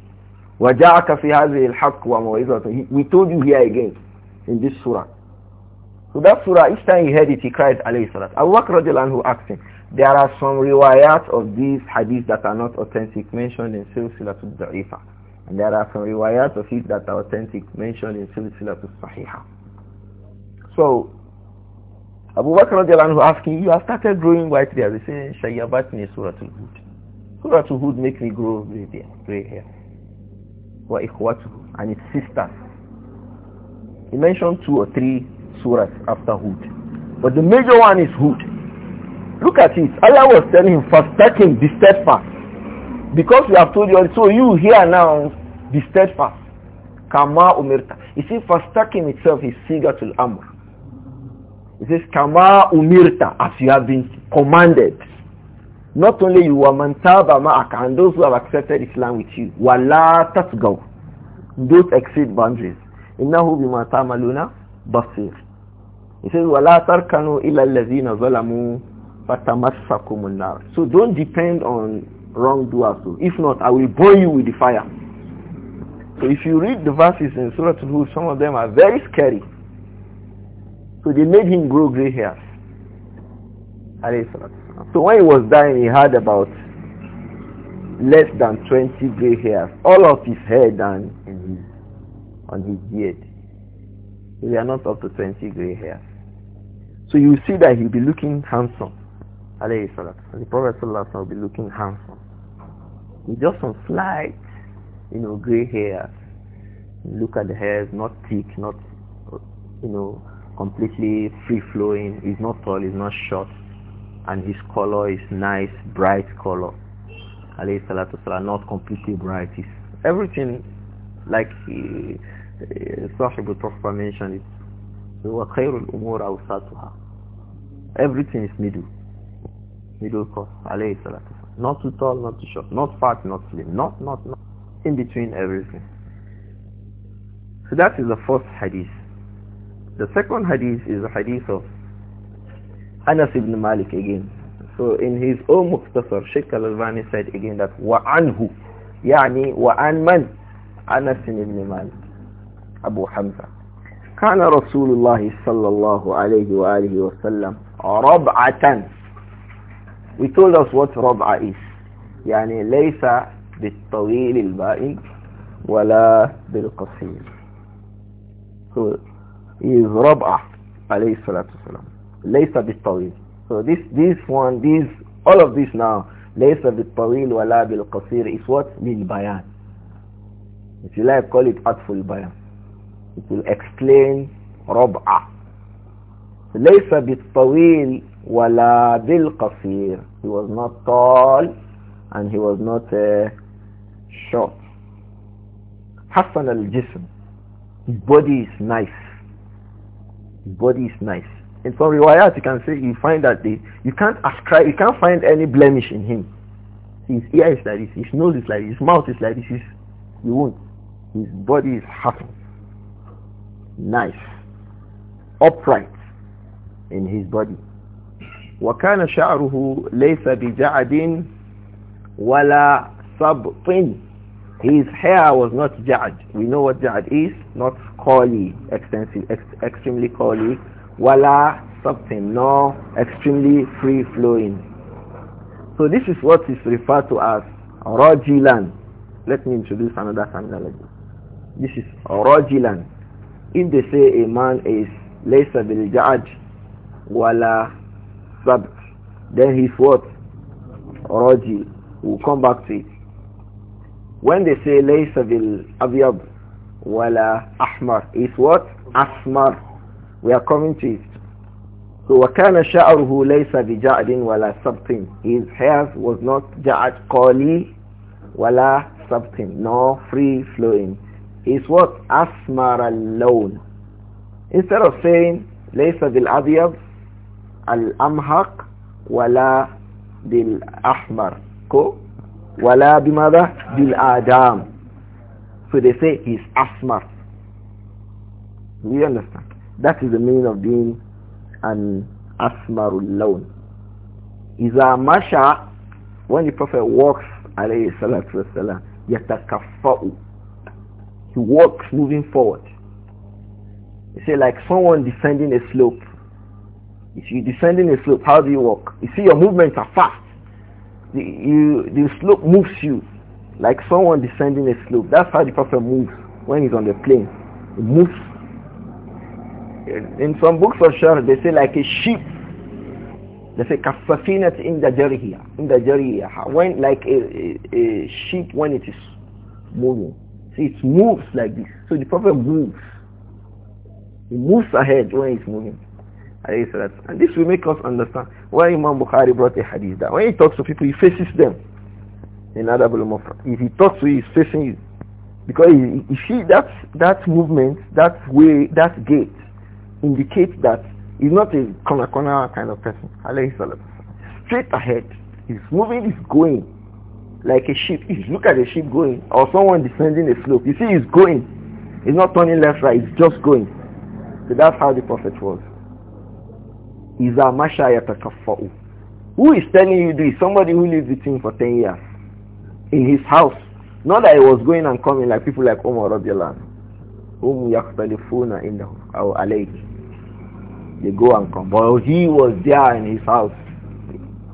فِي هَذِهِ الْحَقِّ We told you here again in this surah. So that surah, each time he heard it, he cried, alayhi salat. Abu Bakr who asked him, there are some riwayat of these hadiths that are not authentic mentioned in Silsilatul daifah And there are some riwayat of it that are authentic mentioned in Silatul Sahihah. So, Abu Bakr who asked him, you have started growing white there. They say, Shayyabatni Suratul Hud. Suratul Hud make me grow gray hair wa ikhwatuhu and his sisters. He mentioned two or three surahs after Hud. But the major one is Hud. Look at it. Allah was telling him, Fastakim, be steadfast. Because we have told you, so you here now, be steadfast. Kama umirta. You see, Fastakim itself is Sigatul Amr. It says, Kama umirta, as you have been commanded. Not only you, وَمَنْ تَابَ ma'aka And those who have accepted Islam with you. وَلَا تَسْغَوْ Don't exceed boundaries. إِنَّهُ بِمَا Maluna Basir. He says, وَلَا tarkanu إِلَى الَّذِينَ ظَلَمُوا فَتَمَسَّكُمُ النَّارِ So don't depend on wrongdoers. If not, I will burn you with the fire. So if you read the verses in Surah Al-Hud, some of them are very scary. So they made him grow gray hairs. Alayhi salatu. So when he was dying, he had about less than 20 gray hairs, all of his hair and his, on his beard. We are not up to 20 gray hairs. So you see that he'll be looking handsome. Alayhi salat. The Prophet will be looking handsome. He just some slight, you know, gray hairs. Look at the hairs, not thick, not, you know, completely free-flowing. He's not tall, he's not short and his color is nice, bright color. Alayhi salatu wasalam, not completely bright. It's everything like uh, Sahib al-Prophet mentioned it. وَخَيْرُ الْأُمُورَ أَوْسَاتُهَا Everything is middle. Middle course. salatu Not too tall, not too short. Not fat, not slim. Not, not, not. In between everything. So that is the first hadith. The second hadith is the hadith of Anas ibn Malik again. So in his own Muqtasar, Sheikh al-Albani said again that وَعَنْهُ يعني وعن من؟ أنس بن مالك أبو حمزة كان رسول الله صلى الله عليه وآله وسلم ربعة We told us what ربعة is يعني ليس بالطويل البائن ولا بالقصير so he is ربعة عليه الصلاة والسلام laysa bitawil so this this one this all of this now laysa bitawil is what min bayan if you like call it atful bayan it will explain robah. laysa bitawil wala bil he was not tall and he was not short. uh, short hasan al jism his body is nice his body is nice in some riwayat you can say you find that they you can't ascribe you can't find any blemish in him his ear is like this his nose is like this his mouth is like this his you won't his body is happy nice upright in his body وكان شعره ليس بجعد ولا سبط his hair was not ja we know what ja is not curly extensive ex extremely curly wala something nor extremely free flowing so this is what is referred to as rajilan let me introduce another terminology this is rajilan if they say a man is laysa bil wala sabt then he's what rajil we'll come back to it when they say laysa bil abyad wala ahmar is what asmar we are coming to it. So وَكَانَ شَعْرُهُ لَيْسَ بِجَعْدٍ وَلَا سَبْتٍ His hair was not جَعْد قَالِي وَلَا سَبْتٍ nor free flowing. His what? أَسْمَرَ اللَّوْنِ Instead of saying لَيْسَ بِالْأَبْيَضِ الْأَمْهَقِ وَلَا بِالْأَحْمَرِ Ko? وَلَا بِمَاذَا؟ بِالْآدَامِ So they say he's asmar. Do you understand? That is the meaning of being an asmarul lawn. Iza masha, when the Prophet walks, alayhi salatu wasalam, yatakaffa'u. He walks moving forward. You say like someone descending a slope. If you're descending a slope, how do you walk? You see your movements are fast. The, you, the slope moves you like someone descending a slope. That's how the Prophet moves when he's on the plane. He moves in some books of sure, they say like a sheep. They say kafafinat in the jariya, in the jariya. When like a, a, a, sheep when it is moving, see it moves like this. So the prophet moves. He moves ahead when he's moving. And this will make us understand why Imam Bukhari brought a hadith that when he talks to people, he faces them. In Adab al If he talks to you, he's facing you. Because you see that, that movement, that way, that gate indicates that he's not a corner corner kind of person. Straight ahead. He's moving, he's going. Like a ship. If you look at a ship going or someone descending a slope, you see he's going. He's not turning left, right, he's just going. So that's how the Prophet was. Iza Masha Yatakafa'u. Who is telling you this? Somebody who lived with him for 10 years. In his house. Not that he was going and coming like people like Umar Rabiallah. Um yaktalifuna indahu. Or alayhi. They go and come. But he was there in his house.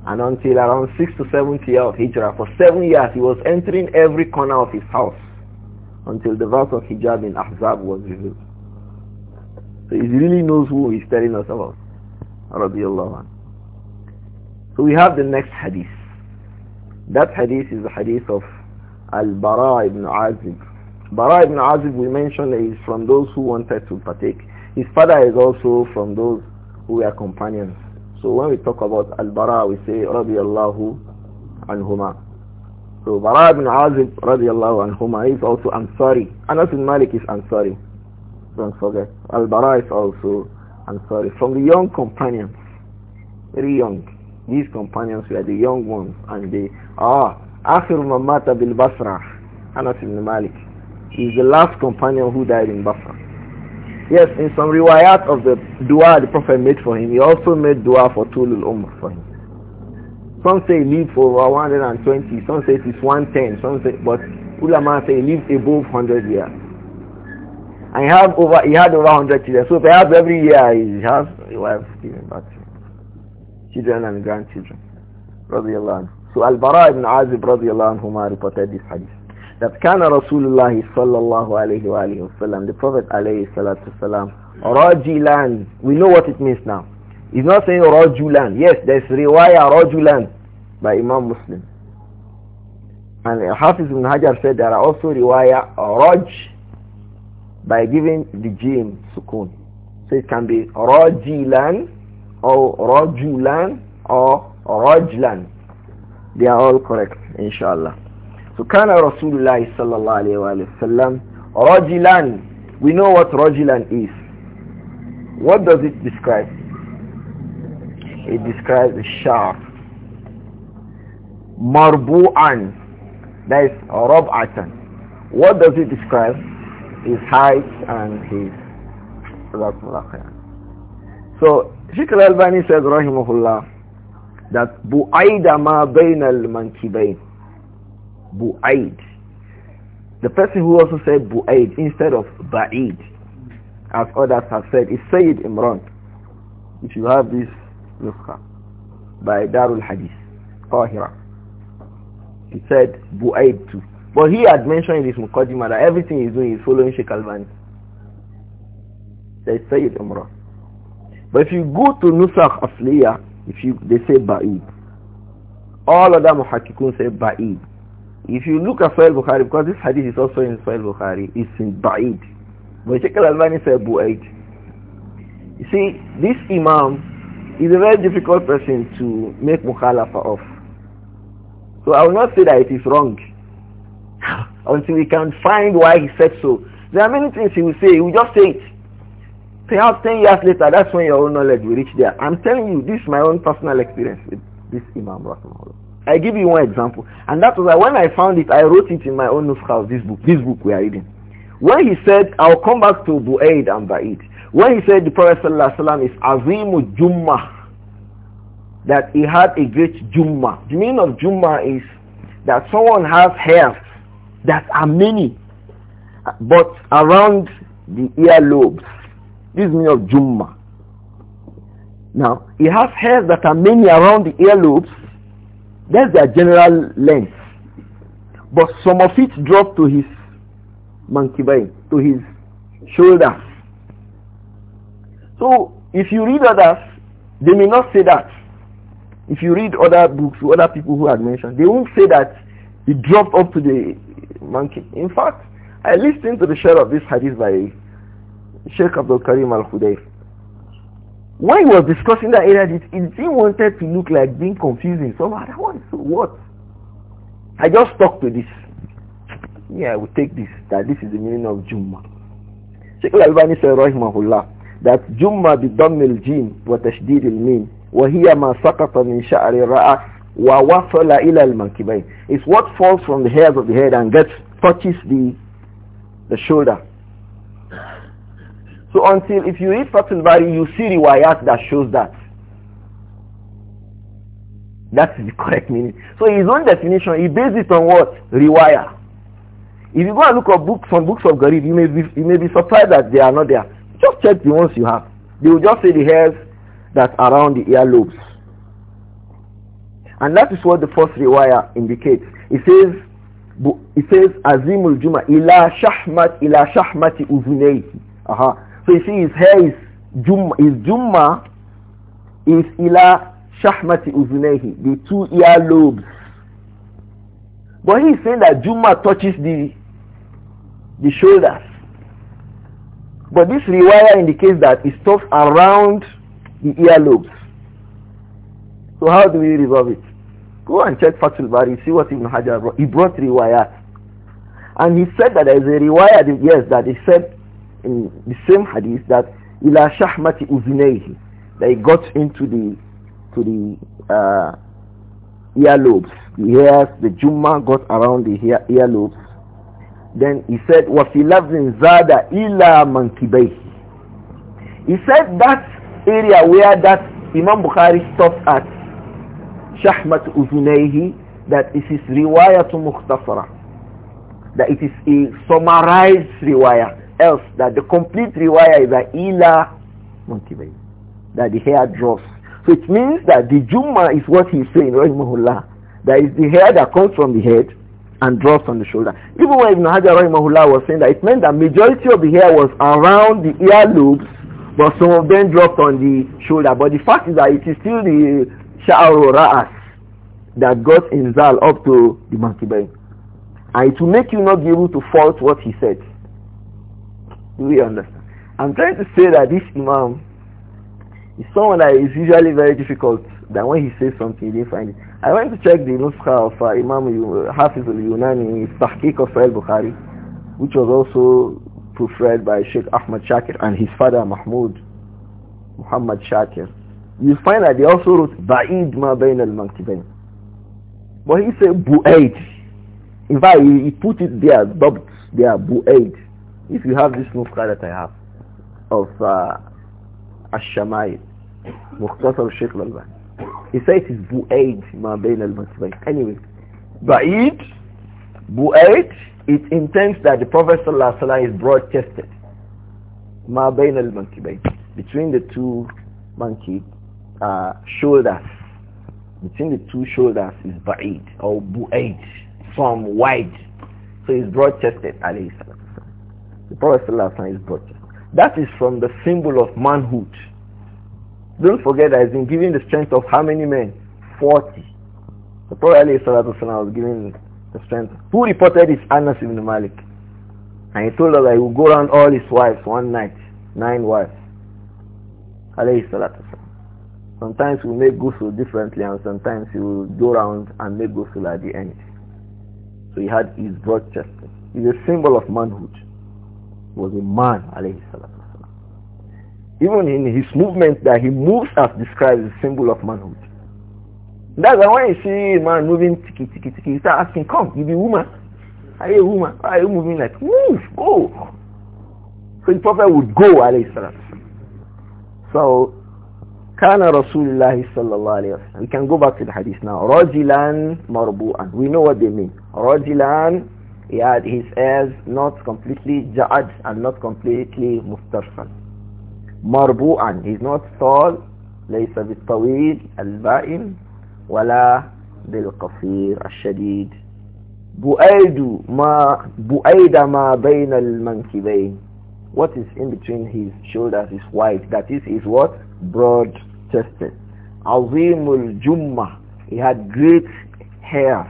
And until around 6 to 7 years of Hijrah, for 7 years, he was entering every corner of his house until the verse of hijab in Ahzab was revealed. So he really knows who he's telling us about. So we have the next hadith. That hadith is the hadith of Al-Bara ibn Azib. Bara ibn Azib we mentioned is from those who wanted to partake his father is also from those who were companions. So when we talk about Al-Bara, we say Radiallahu Anhuma. So Bara bin Azib Radiallahu Anhuma is also Ansari. Anas bin Malik is Ansari. Don't forget. Al-Bara is also Ansari. From the young companions. Very young. These companions were the young ones and they are Akhir Mamata bil Basra. Anas bin Malik. He is the last companion who died in Basra. Yes, in some riwayat of the dua the Prophet made for him, he also made dua for Tulul Ummah for him. Some say he lived for over 120, some say it is 110, some say, but ulama say he lived above 100 years. And he, have over, he had over 100 children, so perhaps every year he has a wife giving back to him. Children and grandchildren. So Al-Bara ibn Azib radiallahu anhu reported this hadith that كان Rasulullah الله alayhi wa عليه وآله the Prophet عليه الصلاة والسلام رجلان we know what it means now he's not saying رجلان yes there's riwayah رجلان by Imam Muslim and Hafiz ibn Hajar said there are also riwayah raj by giving the jim sukun so it can be رجلان or رجلان or رجلان they are all correct inshallah so kana Rasulullah sallallahu alayhi wa rajilan. We know what rajilan is. What does it describe? It describes a sharp. Marbu'an. That is rab'atan. What does it describe? His height and his... So Sheikh al-Albani says, rahimahullah, that bu'aida ma bayna al-mankibayn Bu'aid. The person who also said Bu'aid instead of Ba'id, as others have said, is Sayyid Imran. If you have this nuskha by Darul Hadith, Qahira. He said Bu'aid too. But he had mentioned in his Muqaddimah that everything he's doing is following Sheikh Albani. They say it Umrah. But if you go to Nusakh Asliya, if you they say Ba'id. All other Muhakkikun say Ba'id. If you look at Sahih Bukhari, because this hadith is also in Sahih Bukhari, it's in Ba'id. But Sheikh Al-Albani said Bu'id. You see, this Imam is a very difficult person to make mukhalafa of. So I will not say that it is wrong until we can find why he said so. There are many things he will say, he will just say it. Perhaps 10 years later, that's when your own knowledge will reach there. I'm telling you, this is my own personal experience with this Imam Rahmanullah. I give you one example. And that was why when I found it, I wrote it in my own house. this book, this book we are reading. When he said, I'll come back to Bu'aid and Ba'id. When he said the Prophet wasallam is Azimu Jumma, that he had a great Jumma. The meaning of Jumma is that someone has hairs that are many, but around the earlobes. This meaning of Jumma. Now, he has hairs that are many around the earlobes, that's their general length. But some of it drop to his mankibai, to his shoulders. So if you read others, they may not say that. If you read other books, other people who had mentioned, they won't say that it dropped up to the monkey. In fact, I listened to the share of this hadith by Sheikh Abdul Karim Al-Khudayf. When he was discussing that area, it, it didn't wanted to look like being confusing. So I want to what? I just stuck to this. Yeah, I will take this, that this is the meaning of Jumma. Sheikh Al-Albani said, Rahimahullah, that Jumma bi-damm Jin jim wa tashdid al-mim wa hiya ma saqata min sha'ri ra'as wa wafala ila al-mankibayn. It's what falls from the hairs of the head and gets, touches the, the shoulder. So until if you read Fatul Bari, you see riwayat that shows that. That is the correct meaning. So his own definition, he based it on what? rewire. If you go and look up books on books of Garib, you may be you may be surprised that they are not there. Just check the ones you have. They will just say the hairs that around the earlobes. And that is what the first rewire indicates. It says it says Azimul Juma ila shahmat ila shahmati uzunayhi. Aha. So you his hair is jumma, jumma is ila shahmati uzunehi, the two ear lobes, But he's saying that jumma touches the the shoulders. But this rewire indicates that it stops around the ear lobes. So how do we resolve it? Go and check Fatul Bari, see what Ibn Hajar brought. He brought riwayat. And he said that there is a rewired yes, that he said in the same hadith that ila shahmati uzinayhi they got into the to the uh, earlobes the hairs the jumma got around the hair, earlobes then he said wafi lafzin zada ila mankibayhi he said that area where that Imam Bukhari stopped at shahmat uzinayhi that it is riwayat mukhtasara that it is a summarized riwayat else that the complete riwayah is a ila muntibayn, that the hair drops. So it means that the Jumma is what he's saying, rahimahullah. That is the hair that comes from the head and drops on the shoulder. Even when Ibn Hajar rahimahullah was saying that, it meant that majority of the hair was around the ear lobes, but some of them dropped on the shoulder. But the fact is that it is still the sha'aru ra'as that got inzal up to the monkey brain. And it will make you not be able to fault what he said. Do we understand? I'm trying to say that this Imam is someone that is usually very difficult that when he says something you didn't find it. I went to check the Nuskha of uh, Imam Hafiz al-Yunani, Tahqiq of Sahih Bukhari, which was also proofread by Sheikh Ahmad Shakir and his father Mahmoud Muhammad Shakir. You find that they also wrote Ba'id ma al-Maktibayn. But he said Bu'aid. In fact, he, he put it there, dubbed there, Bu'aid. If you have this mufqa that I have of uh, Ash-Shamayil, Mukhtasar Sheikh al He says it is Bu'aid ma al-Matbayn. Anyway, Ba'id, Bu'aid, it intends that the Prophet ﷺ is broad-chested. Ma bayn al-Matbayn. Between the two monkey uh, shoulders. Between the two shoulders is Ba'id or Bu'aid, from wide. So he's broad-chested alayhi salam. The Prophet ﷺ is brought. That is from the symbol of manhood. Don't forget that he's been given the strength of how many men? 40. The Prophet ﷺ was given the strength. Who reported is Anas ibn Malik. And he told us that he would go around all his wives one night. Nine wives. Alayhi salatu Sometimes we make ghusl differently and sometimes he will go around and make ghusl at the end. So he had his broad chest. It's a symbol of manhood was a man, alayhi salatu Even in his movement that he moves as described is a symbol of manhood. That's why when you see a man moving tiki tiki tiki, you start asking, come, you be woman. Are you a woman? Why are you moving like, move, go. So the Prophet would go, alayhi salatu So, كان رسول الله صلى الله عليه وسلم. We can go back to the hadith now. رجلان مربوعا. We know what they mean. رجلان he had his heirs not completely ja'ad and not completely mustarsal. Marbu'an, he's not tall, ليس بالطويل البائن ولا بالقصير الشديد ma, ما ma ما بين المنكبين what is in between his shoulders is wide that is his what broad chested azimul الجمة he had great hair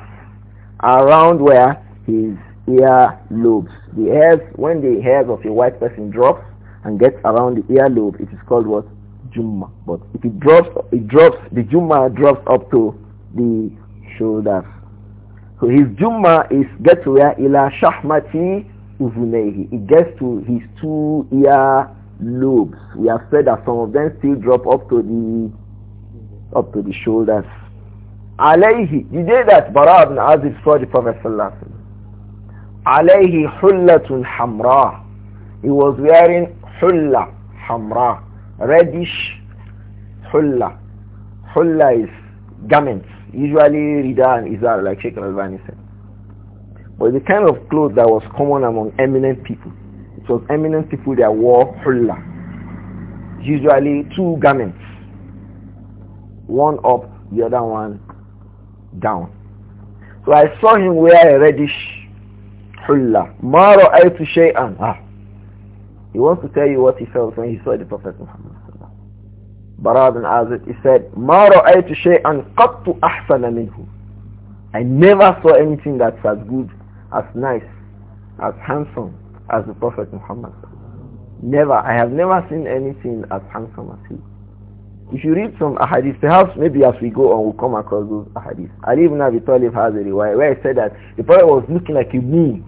around where his ear lobes. The hairs, when the hairs of a white person drops and gets around the ear lobe, it is called what? Jumma. But if it drops, it drops, the Jumma drops up to the shoulders. So his Jumma is get to where ila shahmati uvunehi. It gets to his two ear lobes. We have said that some of them still drop up to the up to the shoulders. Alayhi, the day that Bara ibn Aziz saw the Prophet Sallallahu عليه حلة حمراء. He was wearing hulla, hamra, reddish hulla. Hulla is garments, usually red and like Sheikh Al-Albani said. But the kind of clothes that was common among eminent people. It was eminent people that wore hulla, usually two garments, one up, the other one down. So I saw him wear a reddish Hulla. Ma ra'aytu shay'an. Ah. He wants to tell you what he felt when he saw the Prophet Muhammad. Bara bin Azib, he said, Ma ra'aytu shay'an qattu ahsana minhu. I never saw anything that's as good, as nice, as handsome as the Prophet Muhammad. Never. I have never seen anything as handsome as he. If you read some ahadith, perhaps maybe as we go on we'll come across those ahadith. Ali ibn Abi Talib has a riwayah where he said that the Prophet was looking like a moon.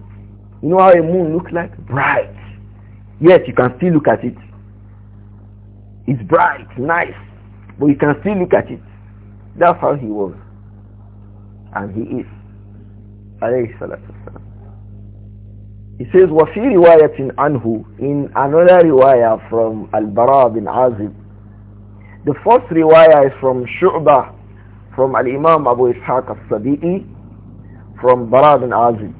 You know how a moon looks like? Bright. Yes, you can still look at it. It's bright, nice, but you can still look at it. That's how he was. And he is. Alayhi salatu He says, وَفِي رِوَايَةٍ عَنْهُ In another riwayah from Al-Bara bin Azib, the first riwayah is from Shu'bah, from Al-Imam Abu Ishaq al-Sabi'i, from Bara bin Azib.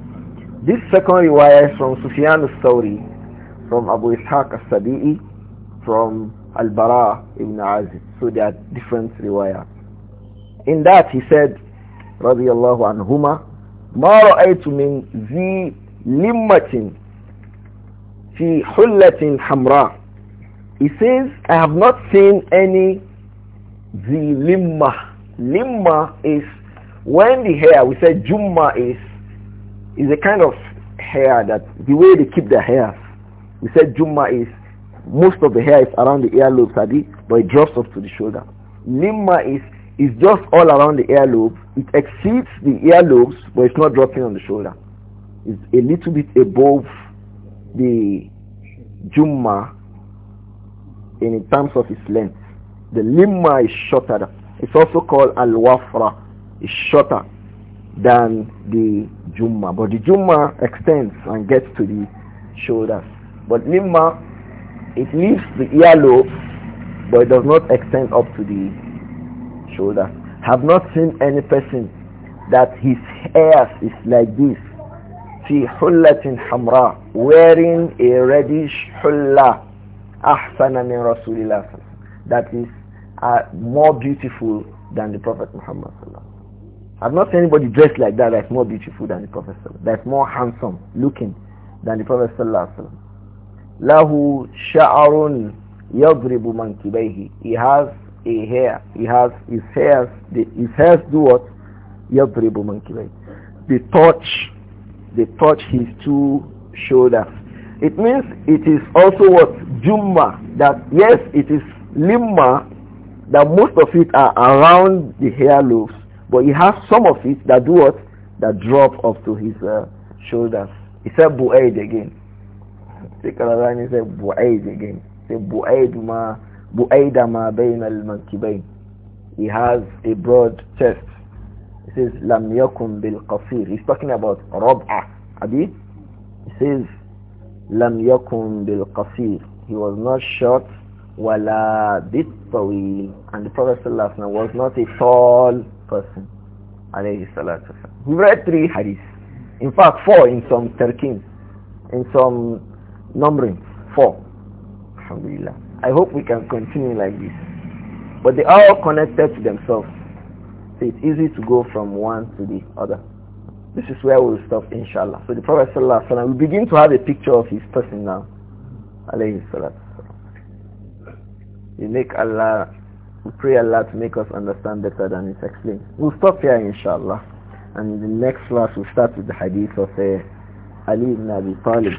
This second riwayah is from Sufyan al-Thawri, from Abu Ishaq al-Sabi'i, from Al-Bara ibn Azib. So they are different riwayah. In that he said, رضي الله عنهما ما رأيت من ذي لمة في حلة حمراء he says, I have not seen any the limma. Limma is when the hair, we said jumma is, is a kind of hair that the way they keep their hair. We said jumma is most of the hair is around the earlobe, Sadi, but it drops up to the shoulder. Limma is is just all around the earlobe. It exceeds the earlobes, but it's not dropping on the shoulder. It's a little bit above the jumma in terms of its length. The limma is shorter. It's also called al-wafra. It's shorter than the jumma. But the jumma extends and gets to the shoulders. But limma, it leaves the earlobe, but it does not extend up to the shoulders. Have not seen any person that his hair is like this. في حلة حمراء wearing a reddish حلة ahsana min rasulillah that is uh, more beautiful than the prophet muhammad i've not seen anybody dressed like that that's more beautiful than the prophet that's more handsome looking than the prophet sallallahu lahu sha'arun yadribu mankibayhi he has a hair he has his hairs the, his hairs do what yadribu mankibayhi they touch they touch his two shoulders it means it is also what Jumma that yes, it is Limma that most of it are around the hair loops but he has some of it that do what that drop up to his uh, shoulders. He said Bu'aid again. Take another and he said Bu'aid again. He Bu'aid ma Bu'aid ma bain al mankibain. He has a broad chest. He says Lam yakun bil qasir. He's talking about Rab'ah. Abi? He says لم يكن بالقصير he was not short ولا بالطويل and the Prophet sallallahu was not a tall person عليه الصلاة والسلام we read three hadiths in fact four in some terkin in some numbering four I hope we can continue like this but they are all connected to themselves so it's easy to go from one to the other this is where we'll stop, inshallah. So the Prophet sallallahu alaihi wasallam, we begin to have a picture of his person now. Alayhi salatu We make Allah, we pray Allah to make us understand better than it's explained. We'll stop here, inshallah. And in the next class, we'll start with the hadith of uh, Ali ibn Abi Talib.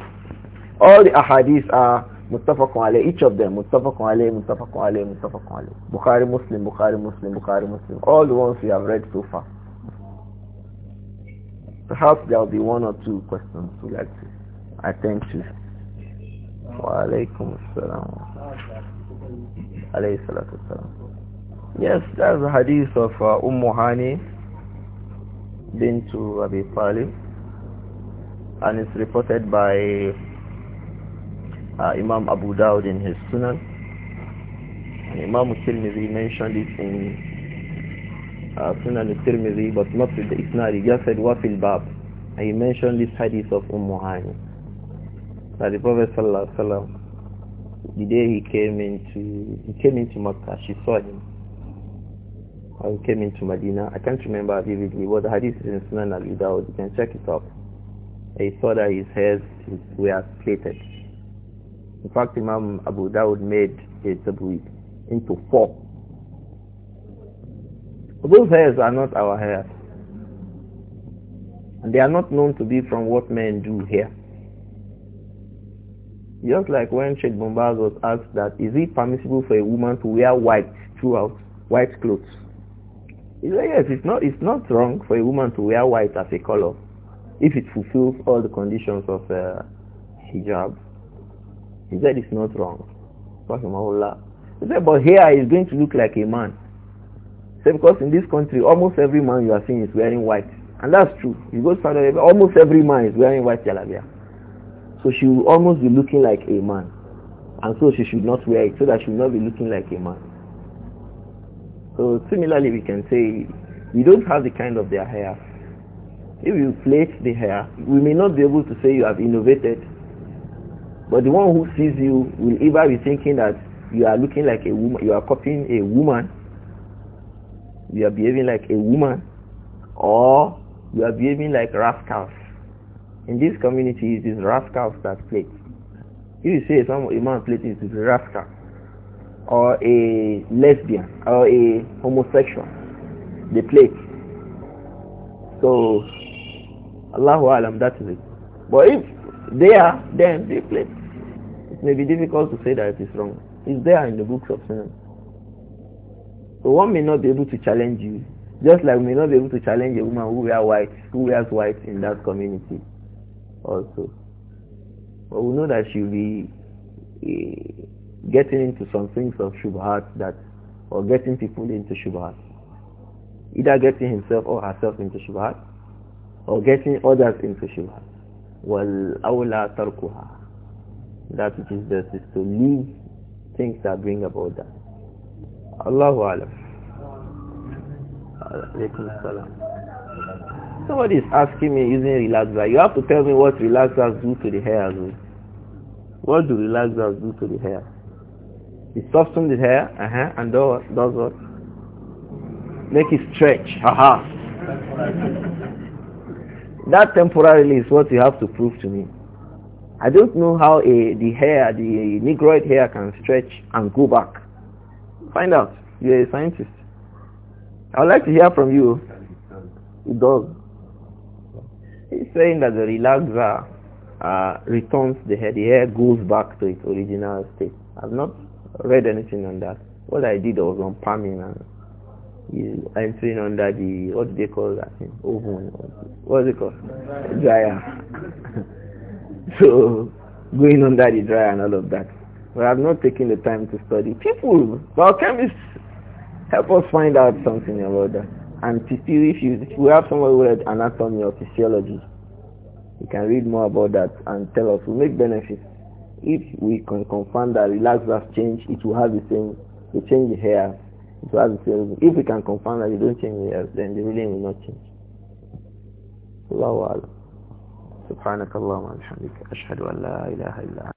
All the ahadith are muttafaqun alayh, each of them, muttafaqun alayh, muttafaqun alayh, muttafaqun alayh. Bukhari Muslim, Bukhari Muslim, Bukhari Muslim. All the ones we have read so far. Perhaps there will be one or two questions we I thank to attend to. Wa alaikum assalam. Yes, that's a hadith of uh, Umm Hani bint Abi Talib and it's reported by uh, Imam Abu Dawud in his Sunan. And Imam Tirmidhi mentioned it in uh, Sunan al-Tirmidhi, but not with the Isnad. He just said, Wafil Bab. And he mentioned this hadith of Umm Hani. That the Prophet Sallallahu Alaihi Wasallam, the day he came into, he came into Makkah, she saw him. Or he came into Medina. I can't remember vividly, but the hadith is in Sunan al-Dawud. You can check it up. he saw that his hairs were plaited. In fact, Imam Abu Dawud made a tabweed into four those hairs are not our hairs. And they are not known to be from what men do here. Just like when Sheikh Bombaz was asked that, is it permissible for a woman to wear white throughout, white clothes? He said, yes, it's not, it's not wrong for a woman to wear white as a color if it fulfills all the conditions of uh, hijab. He said, it's not wrong. He said, but here it's going to look like a man. Say because in this country, almost every man you are seeing is wearing white. And that's true. You go to Saudi almost every man is wearing white jalabia. So she will almost be looking like a man. And so she should not wear it, so that she will not be looking like a man. So similarly, we can say we don't have the kind of their hair. If you plait the hair, we may not be able to say you have innovated. But the one who sees you will either be thinking that you are looking like a woman, you are copying a woman, you are behaving like a woman or you are behaving like rascals. In this community, it is rascals that play. If you say some a man plays it is a rascal or a lesbian or a homosexual, they play. So Allahu Alam, that is it. But if they are, then they play. It may be difficult to say that it is wrong. It's there in the books of Sunnah. So one may not be able to challenge you, just like we may not be able to challenge a woman who wears white, who wears white in that community also. But we know that she'll be uh, getting into some things of Shubhat that, or getting people into Shubhat. Either getting himself or herself into Shubhat, or getting others into Shubhat. well تَرْكُهَا That which is best is to leave things that bring about that. Allahu Alam. Somebody is asking me using relaxer. You have to tell me what relaxers do to the hair. What do relaxers do to the hair? It softens the hair uh -huh, and does, does what? Make it stretch. Haha. that temporarily is what you have to prove to me. I don't know how a, the hair, the negroid hair can stretch and go back. Find out. You're a scientist. I'd like to hear from you. It does. He's saying that the relaxer uh, returns the hair. The hair goes back to its original state. I've not read anything on that. What I did was on palming and entering under the what do they call that thing? Oven. What is it called? Dryer. so going under the dryer and all of that. We have not taken the time to study. People, chemists help us find out something about that. And see if you we have someone who read anatomy or physiology, you can read more about that and tell us. We make benefits. If we can confirm that relax has changed, it will have the same. We change the hair. It will have the same. If we can confirm that you don't change the hair, then the ruling will not change. الله أعلم سبحانك اللهم وبحمدك أشهد أن لا إله إلا أنت